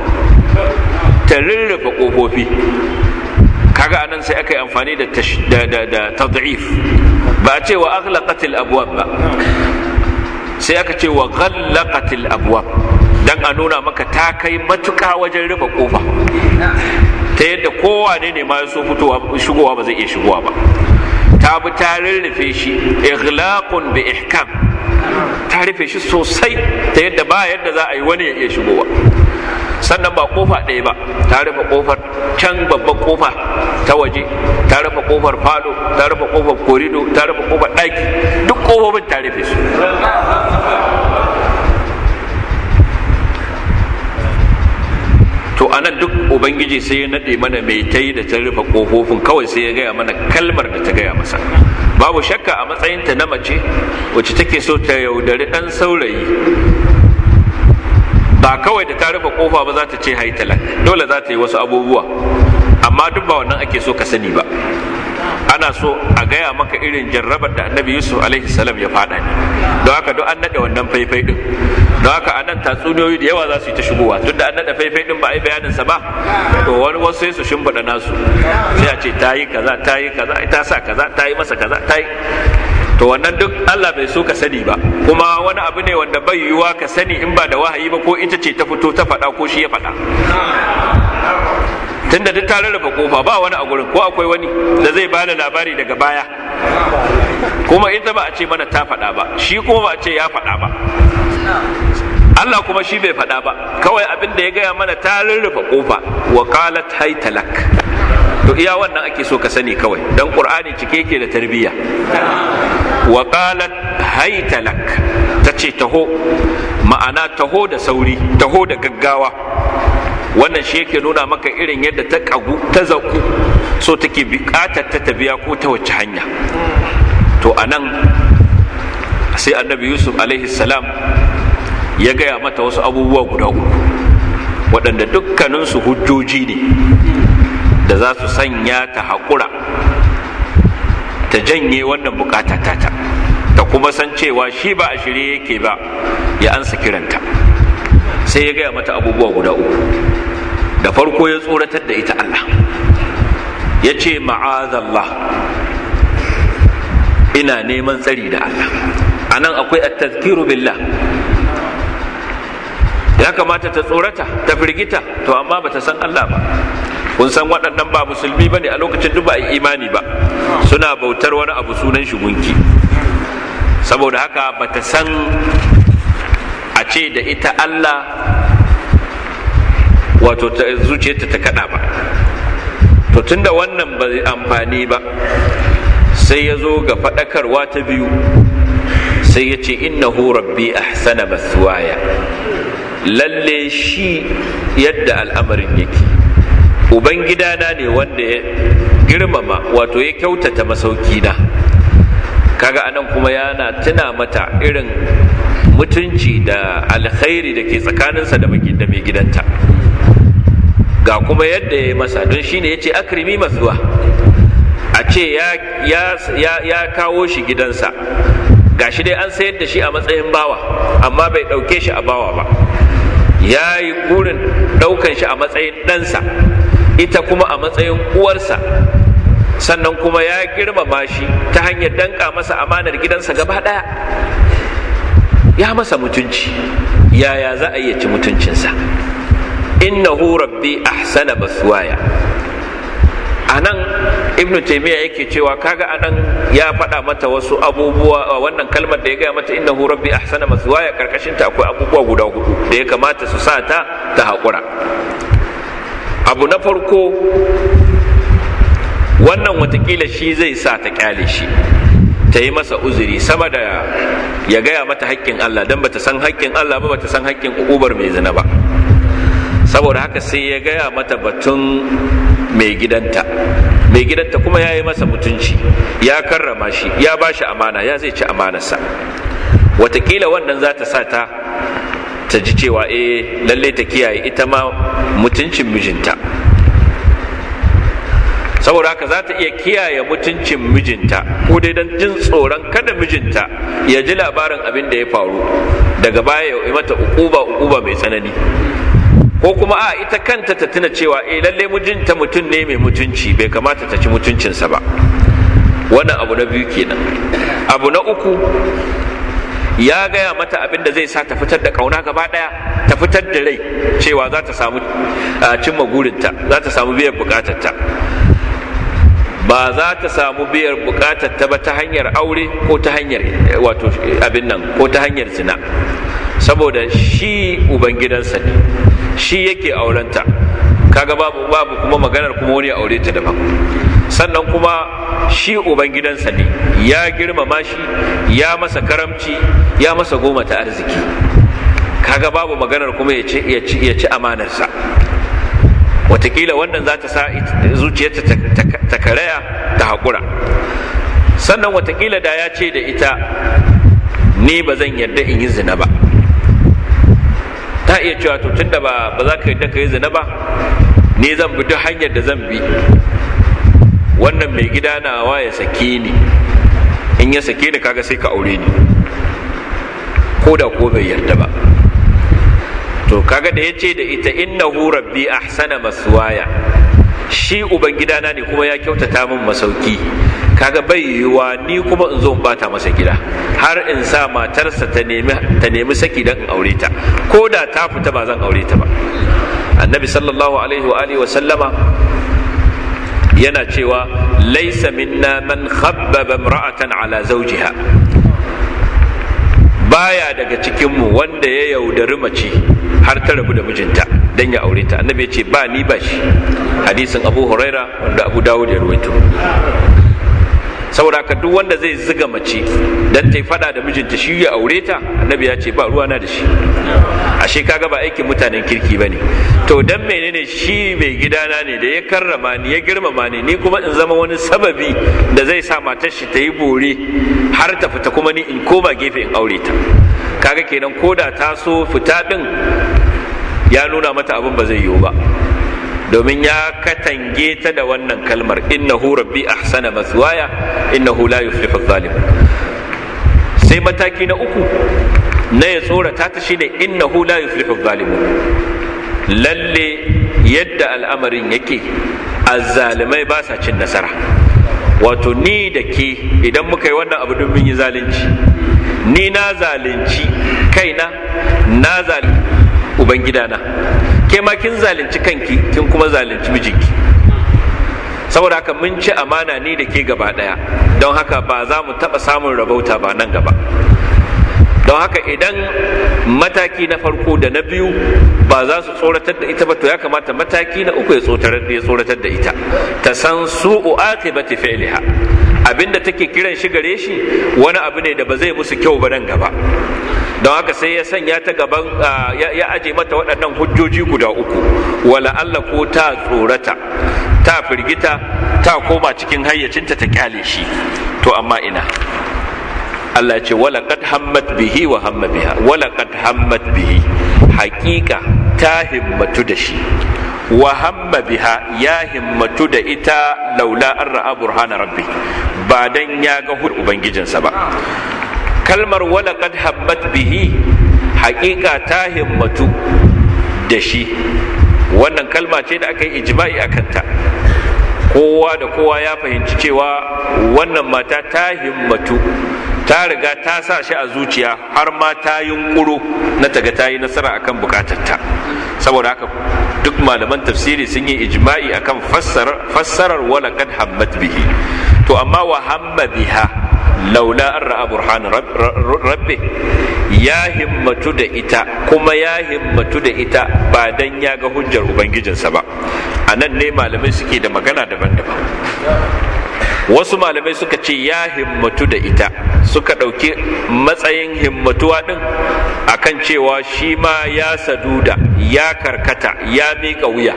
ta rirrufe kofofi kaga anan sai aka yi amfani da tad'if ba a ce wa aghlaqat al ba sai aka ce wa ghallaqat al dan a nuna maka ta kai matuka wajen rufe kofa ta yadda kowa ne ne ma so fitowa shigowa ba zai iya shigowa ba ta bi ta rarrafe shi ighlaqun bi ihkam ta rufe shi sosai ta yadda ba yadda za a yi wani ya iya shigowa sannan ba kofa ɗaya ba ta rufe kofar can babban kofa ta waje ta rufe kofar falo ta rufe kofar korido ta rufe kofar ɗaki duk kofofin ta rufe su to anan duk ubangiji sai ya naɗe mana mai ta yi da ta rufe kofofin kawai sai ya gaya mana kalmar da ta gaya masa babu shakka a matsayinta na mace wacce take so ta yaudari ɗan saurayi ba kawai da ta rufe kofa ba za ta ce haitala dole za ta yi wasu abubuwa amma duk ba wannan ake so ka sani ba ana so a gaya maka irin jarrabar da annabi yusuf alaihi salam ya fada ne don haka duk an naɗe wannan faifai din don haka a nan tatsuniyoyi da yawa za su yi ta shigowa tunda an naɗe faifai din ba a yi bayanin sa ba to wani wasu sai su shimfiɗa nasu sai a ce ta yi kaza ta yi kaza Ita sa kaza ta yi masa kaza ta yi to wannan duk Allah bai so ka sani ba kuma wani abu ne wanda bai yiwuwa ka sani in ba da wahayi ba ko ita ce ta fito ta faɗa ko shi ya faɗa tunda duk ta rarraba kofa ba wani a gurin ko akwai wani da zai bani labari daga baya kuma ita ba a ce mana ta faɗa ba shi kuma ba a ce ya faɗa ba Allah kuma shi bai faɗa ba kawai abin da ya gaya mana ta rarraba kofa wa qalat haytalak to iya wannan ake so ka sani kawai dan qur'ani cike yake da tarbiyya wa haitalak haytalak tace taho ma'ana taho da sauri taho da gaggawa wannan shi yake nuna maka irin yadda ta kagu ta zaku so take bukatar ta tabiya ko ta wace hanya to anan sai annabi yusuf alaihi salam ya gaya mata wasu abubuwa guda uku waɗanda dukkaninsu hujjoji ne da za su sanya ta haƙura ta janye wannan bukata tata ta kuma san cewa shi ba a shirye yake ba ya ansa kiranta sai ya gaya mata abubuwa guda uku da farko ya tsoratar da ita Allah ya ce ma'azallah ina neman tsari da Allah a nan akwai attazkiru billah ya kamata ta tsorata ta firgita to amma ba ta san Allah ba kun san waɗannan ba musulmi ba ne a lokacin duk yi imani ba suna bautar wani abu sunan shi gunki saboda haka ba ta san a ce da ita Allah wato zuciyarta ta kada ba to tunda wannan ba amfani ba sai ya zo ga faɗakarwa ta biyu sai ya ce innahu rabbi ahsana maswaya lalle shi yadda al'amarin yake ubangidana ne wanda ya girmama wato ya kyautata masaukina kaga anan kuma yana tuna mata irin mutunci da alkhairi da ke tsakaninsa da mai gidanta ga kuma yadda ya masa don shine ya ce akrimi mafiwa a ce ya kawo shi gidansa Ga shi dai an sayar da shi a matsayin bawa amma bai ɗauke shi a bawa ba ya yi kurin ɗaukan shi a matsayin ɗansa ita kuma a matsayin uwarsa sannan kuma ya girmama shi ta hanyar danka masa amanar gidansa gaba ɗaya ya masa mutunci yaya za a iya ci mutuncinsa innahu rabbi ahsana maswaya anan ibnu taymiya yake cewa kaga anan ya faɗa mata wasu abubuwa wannan kalmar da ya gaya mata innahu rabbi ahsana maswaya karkashin ta akwai abubuwa guda hudu da ya kamata su sa ta ta haƙura abu na farko wannan watakila shi zai sa ta kyale shi ta yi masa uzuri sama da ya gaya mata haƙƙin Allah don bata san haƙƙin Allah ba bata san haƙƙin ƙubar mai zina ba saboda haka sai ya gaya mata batun mai gidanta mai gidanta kuma ya yi masa mutunci ya karrama shi ya ba shi amana ya zai ci amanarsa watakila wannan za ta sa ta ta ji cewa e eh, lalle ta kiyaye ita ma mutuncin mijinta saboda haka za ta iya kiyaye mutuncin mijinta ko dai don jin tsoron kada mijinta ya ji labarin abin da ya faru daga baya ya mata ukuba ukuba mai tsanani ko kuma a ita kanta ta tuna cewa eh lalle mujinta mutum ne mai mutunci bai kamata ta ci mutuncinsa ba wannan abu na biyu kenan abu na uku ya gaya mata abin da zai sa ta fitar da kauna gaba daya ta fitar da rai cewa za ta samu cimma gurinta za ta samu biyan bukatarta ba za ta samu biyar bukatar ba ta hanyar aure ko ta hanyar wato abin nan ko ta hanyar zina saboda shi ubangidansa ne shi yake aurenta kaga babu babu kuma maganar kuma wani aure ta daban sannan kuma shi ubangidansa ne ya girmama shi ya masa karamci ya masa goma ta arziki kaga babu maganar kuma ya ci ya ci amanarsa watakila wannan za ta sa zuciyarta ta karaya ta haƙura sannan watakila da ya ce da ita ni ba zan yarda in yi zina ba ta iya cewa to tunda ba ba za ka yi ka yi zina ba ne zan bi duk hanyar da zan bi wannan mai gida nawa ya sake ni in ya sake ni kaga sai ka aure ni ko da ko bai yarda ba to kaga da yace da ita innahu rabbi ahsana maswaya shi ubangidana ne kuma ya kyautata min masauki kaga bai yiwuwa ni kuma in zo in bata masa gida har in sa matarsa ta nemi saki dan in aure ta ko da ta fita ba zan aure ta ba annabi sallallahu alaihi wa alihi wa sallama yana cewa laisa minna man khabbaba imra'atan ala zawjiha baya daga cikinmu wanda ya yaudari mace har ta rabu da mijinta dan ya aure ta annabi ya ce ba ni ba shi hadisin abu huraira wanda abu dawud ya ruwaito saboda ka duk wanda zai ziga mace dan ta fada da mijinta shi ya aure ta annabi ya ce ba ruwa na da shi ashe kaga ba aikin mutanen kirki bane to dan menene shi mai gidana ne da ya karrama ni ya girmama ni ni kuma in zama wani sababi da zai sa matar shi ta yi bore har ta fita kuma ni in koma gefe in aure ta kaga kenan koda ta so fita din ya nuna mata abin ba zai yiwu ba domin ya katange ta da wannan kalmar innahu rabbi ahsana maswaya innahu la yuflihu zalim sai mataki na uku na ya tsorata ta shine innahu la yuflihu zalim lalle yadda al'amarin yake azzalimai ba sa cin nasara wato ni da ke idan muka yi wannan abu domin yi zalunci ni na zalunci kaina na zalunci ubangidana ke ma kin zalunci kanki kin kuma zalunci mijinki saboda haka mun ci amana ni da ke gaba daya don haka ba za mu taɓa samun rabauta ba nan gaba don haka idan mataki na farko da na biyu ba za su tsoratar da ita ba to ya kamata mataki na uku ya tsoratar da ita ta san su ba aqibati fi'liha abinda take kiran shi gare shi wani abu ne da ba zai musu kyau ba nan gaba don haka sai ya sanya ta gaban ya aje mata waɗannan hujjoji guda uku wala Allah ko ta tsorata ta firgita ta koma cikin hayyacinta ta kyale shi to amma ina Allah ce wala kad hammat bihi wa hamma biha wala kad hammat bihi haƙiƙa ta himmatu da shi wa hamma biha ya himmatu da ita laula an ra'a burhana rabbi ba dan ya ga ubangijinsa ba kalmar walaƙad habbat bihi haƙiƙa ta himmatu da shi wannan kalma ce da aka yi ijma'i a kanta kowa da kowa ya fahimci cewa wannan mata ta himmatu ta riga ta sa shi a zuciya har ma ta yunƙuro na taga ta yi nasara akan bukatarta saboda haka duk malaman tafsiri sun yi ijma'i akan fassarar walaƙad habbat bihi to amma wa hamma biha laula an ra'a burhan rabbi ya himmatu da ita kuma ya himmatu da ita ba dan ya ga hujjar ubangijinsa ba a nan ne malamai suke da magana daban-daban wasu malamai suka ce ya himmatu da ita suka ɗauki matsayin himmatuwa ɗin kan cewa shi ma ya saduda ya karkata ya miƙa wuya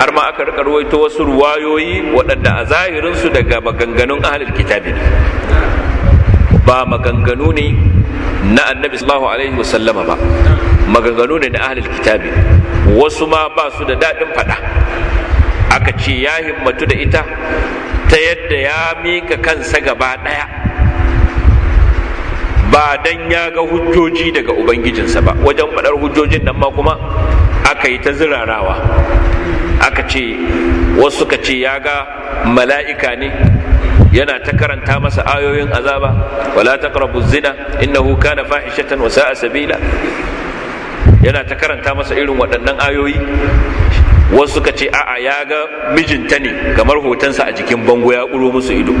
har ma aka rika wasu ruwayoyi waɗanda a zahirinsu daga maganganun ahalil kitabi ba maganganu ne na annabi sallallahu alaihi wasallama ba maganganu ne na ahlul kitabi wasu ma ba su da daɗin faɗa aka ce ya himmatu da ita ta yadda ya mika kansa gaba ɗaya ba dan ya ga hujjoji daga ubangijinsa ba wajen faɗar hujjojin nan ma kuma aka yi ta zirarawa aka ce wasu ka ce ya ga mala'ika ne yana ta karanta masa ayoyin azaba wala taqrabu zina innahu kana fahishatan wa sa'a sabila yana ta karanta masa irin waɗannan ayoyi wasu suka ce a'a ya ga mijinta ne kamar hotonsa a jikin bango ya ƙuro musu ido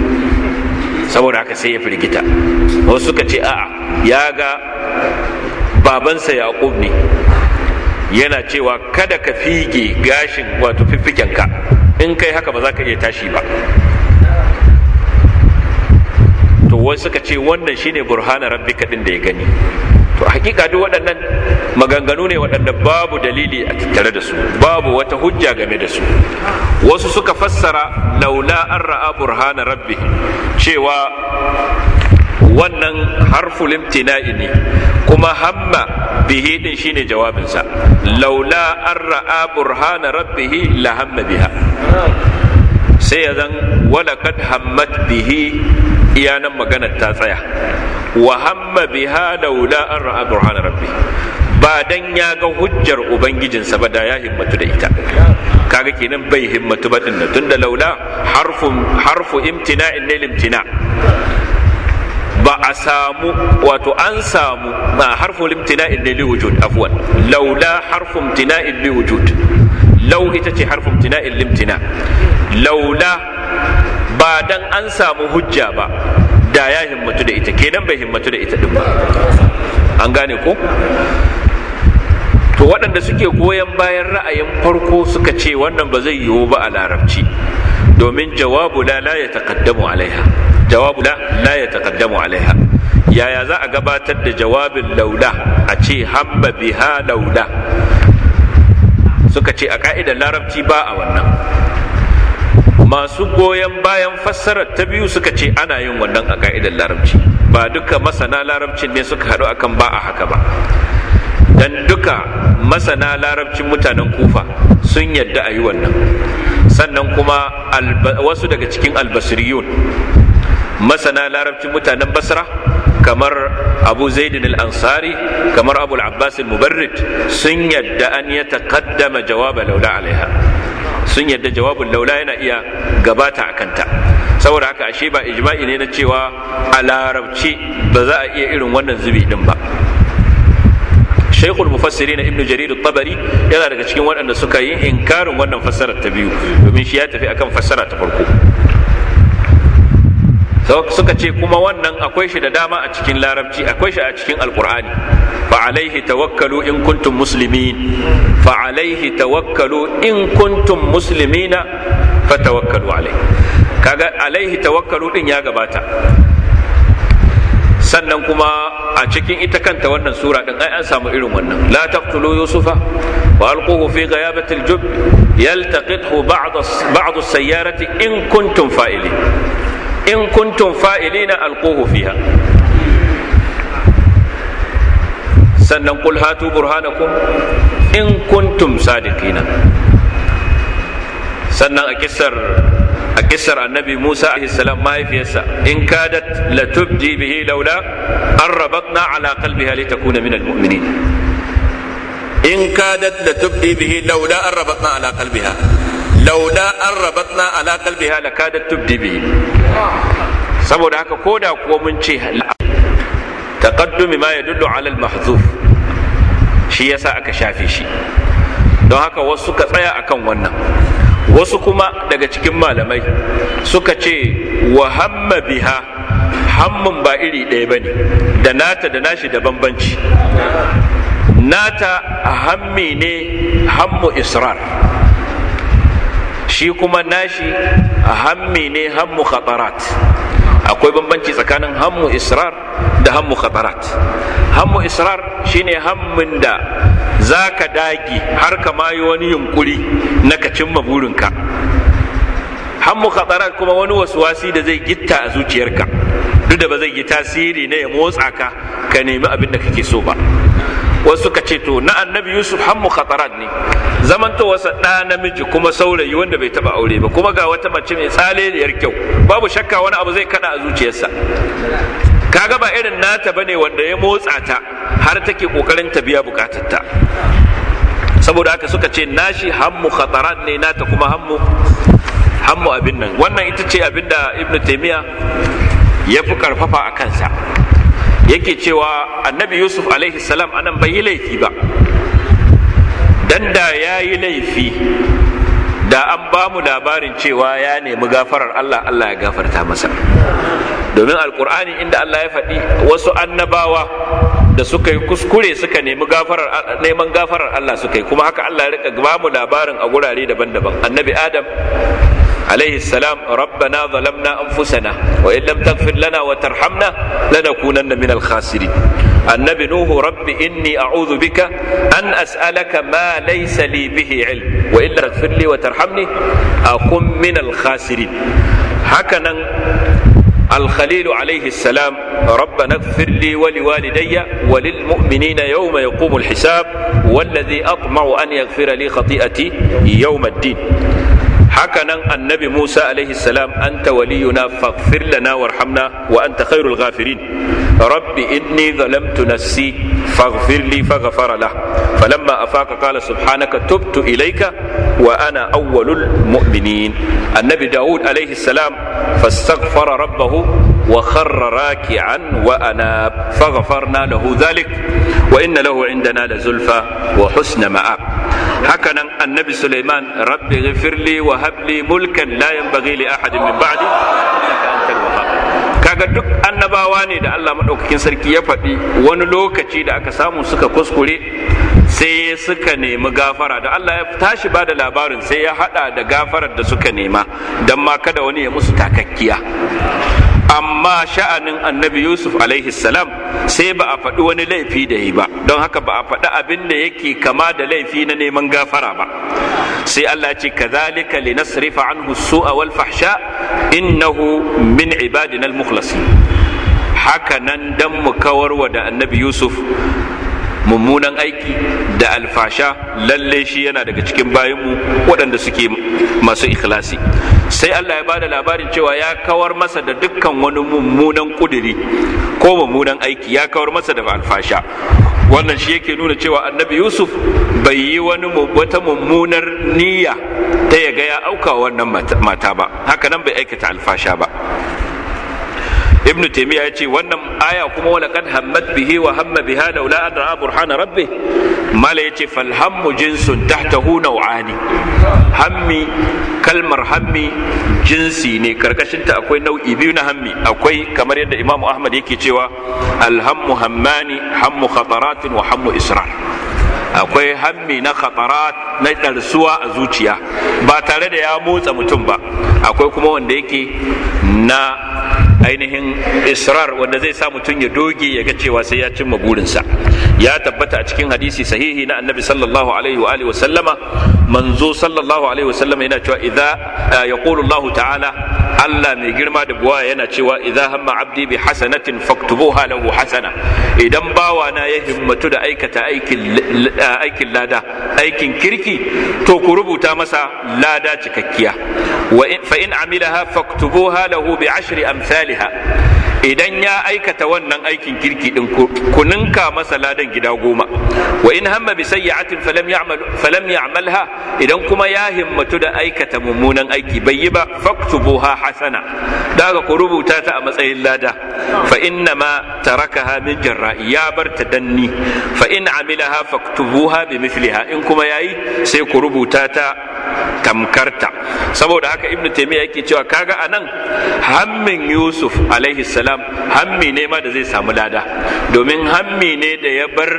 saboda haka sai ya firgita wasu suka ce a'a ya ga babansa Yaqub ne yana cewa kada ka fige gashin wato fiffikenka in kai haka ba za ka iya tashi ba to wani suka ce wannan shine burhana rabbika kadin da ya gani to hakika duk waɗannan maganganu ne waɗanda babu dalili a tattare da su babu wata hujja game da su wasu suka fassara laula an ra'a burhana rabbi cewa wannan harful imtina'i ne kuma hamma bihi din shine jawabinsa laula an ra'a burhana rabbihi la hamma biha sai ya zan walakad hammat bihi iyanan maganar ta tsaya wa hamma biha laula an ra'a burhan rabbi ba dan ya ga hujjar ubangijinsa ba da ya himmatu da ita kaga kenan bai himmatu ba din tunda laula harfu harfu imtina'in lil limtina. ba a samu wato an samu ma harfu imtina'in li wujud afwan laula harfu imtina'in lil wujud law ita ce harfu imtina'in lil laula ba dan an samu hujja ba da ya himmatu da ita kenan bai himmatu da ita din ba an gane ko to waɗanda suke goyon bayan ra'ayin farko suka ce wannan ba zai yiwu ba a larabci domin jawabu la la ya taqaddamu alaiha jawabu la la ya taqaddamu alaiha yaya za a gabatar da jawabin laula a ce "Hamba biha laula suka ce a ka'idar larabci ba a wannan masu goyon bayan fassarar ta biyu suka ce ana yin wannan a ka'idar larabci ba duka masana larabcin ne suka haɗu akan ba a haka ba dan duka masana larabcin mutanen kufa sun yadda a yi wannan sannan kuma wasu daga cikin albasiriyun masana larabcin mutanen basra kamar abu zaidin al-ansari kamar abu al-abbas al sun yadda an ya kaddama jawaba Lauda alaiha sun yarda jawabin laula yana iya gabata a kanta saboda haka ashe ba ijma'i ne na cewa a larabci ba za a iya irin wannan zubi din ba shaikhul mufassiri na ibnu jarir tabari yana daga cikin waɗanda suka yi inkarin wannan fassara ta biyu domin shi ya tafi akan fassara ta farko suka ce kuma wannan akwai shi da dama a cikin larabci akwai shi a cikin alkur'ani fa alaihi tawakkalu in kuntum muslimin fa alaihi tawakkalu in kuntum muslimina fa tawakkalu alaihi kaga alaihi tawakkalu din ya gabata sannan kuma a cikin ita kanta wannan sura din ai an samu irin wannan la taqtulu yusufa wa alquhu fi ghayabati aljub yaltaqithu ba'd ba'd as-sayyarati in kuntum fa'ilin in kuntum fa'ilina alquhu fiha sannan qul hatu burhanakum in kuntum sadiqina sannan a kissar a kissar annabi Musa alaihi salam mahaifiyarsa in kadat latubdi bihi laula an rabatna ala qalbiha litakuna min almu'minin in kadat latubdi bihi laula an rabatna ala qalbiha Lauda an rabatna ala qalbiha lakadat tubdi bi saboda haka koda kuwa mun ce taqaddumi ma yadullu ala al-mahzuf shi yasa aka shafe shi don haka wasu ka tsaya akan wannan wasu kuma daga cikin malamai suka ce wa hamma biha hammun ba iri ɗaya bane da nata da nashi da bambanci nata hammi ne hammu israr shi kuma nashi hammi ne hammu khatarat akwai bambanci tsakanin hammu israr da hammu khatarat hammu israr shine hammin da zaka ka dage har ka mayo wani yunkuri na ka cimma burinka hammu khatarat kuma wani wasuwasi da zai gitta a zuciyarka duk da ba zai yi tasiri na ya motsa ka ka nemi abin da kake so ba wasu suka ce to na annabi yusuf hammu khataran ne wasa ɗa namiji kuma saurayi wanda bai taba aure ba kuma ga wata mace mai tsaleliyar kyau babu shakka wani abu zai kada a zuciyarsa kaga ba irin nata bane wanda ya motsa ta har take kokarin ta biya bukatarta saboda haka suka ce nashi hammu khataran ne nata kuma hammu hammu abin nan wannan ita ce abin da ibnu taymiya ya fi karfafa a kansa yake cewa annabi yusuf alaihi salam anan bai yi laifi ba dan da ya yi laifi da an ba mu labarin cewa ya nemi gafarar allah allah ya gafarta masa domin alkur'ani inda allah ya faɗi wasu annabawa da suka yi kuskure suka nemi gafarar neman gafarar allah suka yi kuma haka allah ya rika ba mu labarin a gurare daban-daban annabi adam عليه السلام ربنا ظلمنا أنفسنا وإن لم تغفر لنا وترحمنا لنكونن من الخاسرين النبي نوح رب إني أعوذ بك أن أسألك ما ليس لي به علم وإلا تغفر لي وترحمني أكن من الخاسرين هكذا الخليل عليه السلام ربنا اغفر لي ولوالدي وللمؤمنين يوم يقوم الحساب والذي أطمع أن يغفر لي خطيئتي يوم الدين haka nan annabi Musa alaihi salam anta waliyuna faghfir lana warhamna wa anta khairul ghafirin rabbi inni zalamtu nafsi faghfir li faghfara lah falamma afaka qala subhanaka tubtu ilayka wa ana awwalul mu'minin annabi daud alaihi salam fastaghfara rabbahu wa wa kharra raki'an وخر راكعا وأناب فغفرنا له ذلك وإن له عندنا wa husna ma'ab hakanan annabi suleiman rabbi ghafirli wa habli mulkan la yanbaghi li ahadin min ba'di kaga duk annabawa ne da Allah madaukakin sarki ya faɗi wani lokaci da aka samu suka kuskure sai suka nemi gafara da Allah ya tashi ba da labarin sai ya hada da gafarar da suka nema don ma kada wani ya musu takakkiya amma sha'anin annabi yusuf alaihi salam sai ba a faɗi wani laifi da yi ba don haka ba a faɗi abin da yake kama da laifi na neman gafara ba sai allah ce kazalika linasrifa anhu su'a wal fahsha innahu min ibadina al haka nan dan mu kawarwa da annabi yusuf mummunan aiki da alfasha lalle shi yana daga cikin bayanmu waɗanda suke masu ikhlasi sai Allah ya bada labarin cewa ya kawar masa da dukkan wani mummunan kuduri ko mummunan aiki ya kawar masa da alfasha wannan shi yake nuna cewa annabi yusuf bai yi wani wata mummunar niyya ta ya ga ya auka wannan mata ba haka nan bai aikata alfasha ba ibnu taymiya ya ce wannan aya kuma wala kan hammat bihi wa hamma biha laula an ra'a burhana rabbih mala ya ce fal jinsun tahtahu naw'ani hammi kalmar hammi jinsi ne karkashinta akwai nau'i biyu na hammi akwai kamar yadda imam ahmad yake cewa Alhammu hammu hammani hammu khataratin wa hammu israr akwai hammi na khatarat na ɗarsuwa a zuciya ba tare da ya motsa mutum ba akwai kuma wanda yake na ainihin israr wanda zai sa mutum ya doge ya ga cewa sai ya cimma burinsa ya tabbata a cikin hadisi sahihi na annabi sallallahu alaihi wa alihi wasallama manzo sallallahu alaihi wasallama yana cewa idza eh, yaqulu Allah ta'ala Allah mai girma da buwa yana cewa idza hamma abdi bi hasanatin faktubuha lahu hasana idan bawa na ya himmatu da aikata aikin aikin lada aikin kirki to ku rubuta masa lada cikakkiya fa in amilaha faktubuha lahu bi ashri amsalha idan ya aikata wannan aikin kirki din kuninka masa ladan gida goma wa in hamma bi sayyi'atin falam ya'malha idan kuma ya himmatu da aikata mummunan aiki bai yi ba faktubuha hasana daga ku rubuta ta a matsayin lada fa inna ma tarakaha min jarra'i ya bar ta danni fa in amilaha faktubuha bi mithliha in kuma yayi sai ku rubuta ta tamkarta saboda haka ibnu taymiya yake cewa kaga anan hammin yusuf alaihi salam hammi ne ma da zai samu lada domin hammi ne da ya bar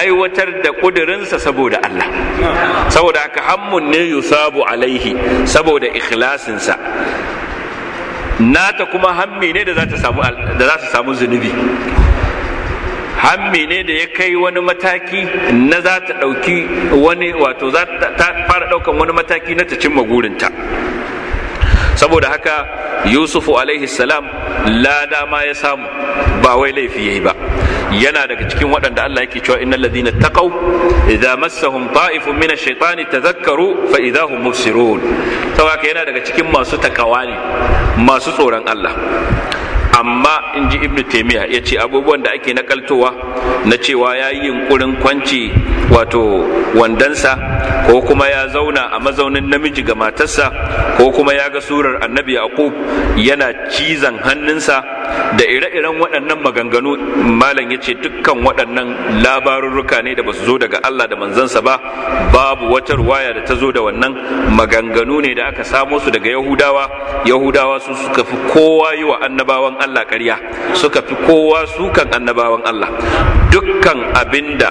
aiwatar da kudurinsa saboda Allah saboda haka hammun ne yusabu alaihi saboda ikhlasinsa nata kuma hammi ne da za ta samu zunubi hammi ne da ya kai wani mataki na za ta ɗauki wani wato za ta fara ɗaukan wani mataki na ta cimma gurinta saboda haka yusufu alaihi salam lada ya samu ba wai laifi yayi ba yana daga cikin waɗanda Allah yake cewa innal ladina taqaw idza massahum ta'ifun min ash-shaytani tadhakkaru fa idza mubsirun saboda yana daga cikin masu takawa ne masu tsoron Allah amma in ji ibnu taimiyya ya ce abubuwan da ake nakaltowa na cewa ya yi yunkurin kwanci wato wandansa ko kuma ya zauna a mazaunin namiji ga matarsa ko kuma ya ga surar annabi yaqub yana cizan hannunsa da ire-iren waɗannan maganganu malam ya ce dukkan waɗannan labarurruka ne da ba su zo daga allah da manzansa ba babu wata ruwaya da ta zo da wannan maganganu ne da aka samo su daga yahudawa yahudawa su suka fi kowa yi wa annabawan Allah ƙarya suka fi kowa sukan annabawan Allah dukkan abinda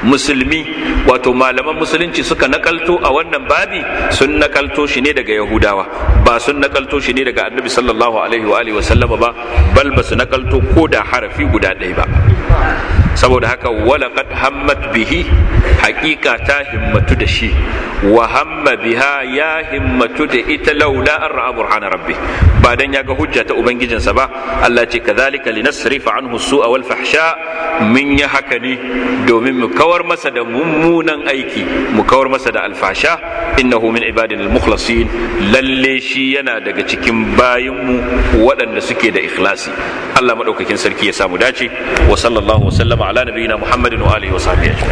musulmi wato malaman musulunci suka nakalto a wannan babi sun nakalto shi ne daga yahudawa ba sun nakalto shi ne daga annabi sallallahu alaihi wa alihi ba bal ba su nakalto ko da harafi guda ɗaya ba saboda haka walaƙad hammat bihi haƙiƙa ta himmatu da shi wa hamma biha ya himmatu da ita launa an ra'a burhana rabbi ba dan ya ga hujja ta ubangijinsa ba Allah ce kadhalika linasrifa anhu su'a wal fahsha min ya haka ne domin mu kawar masa da mummunan aiki mu kawar masa da alfasha innahu min ibadina al-mukhlasin lalle shi yana daga cikin bayinmu waɗanda suke da ikhlasi Allah madaukakin sarki ya samu dace wa sallallahu wa sallama ala nabiyina muhammadin wa alihi wa sahbihi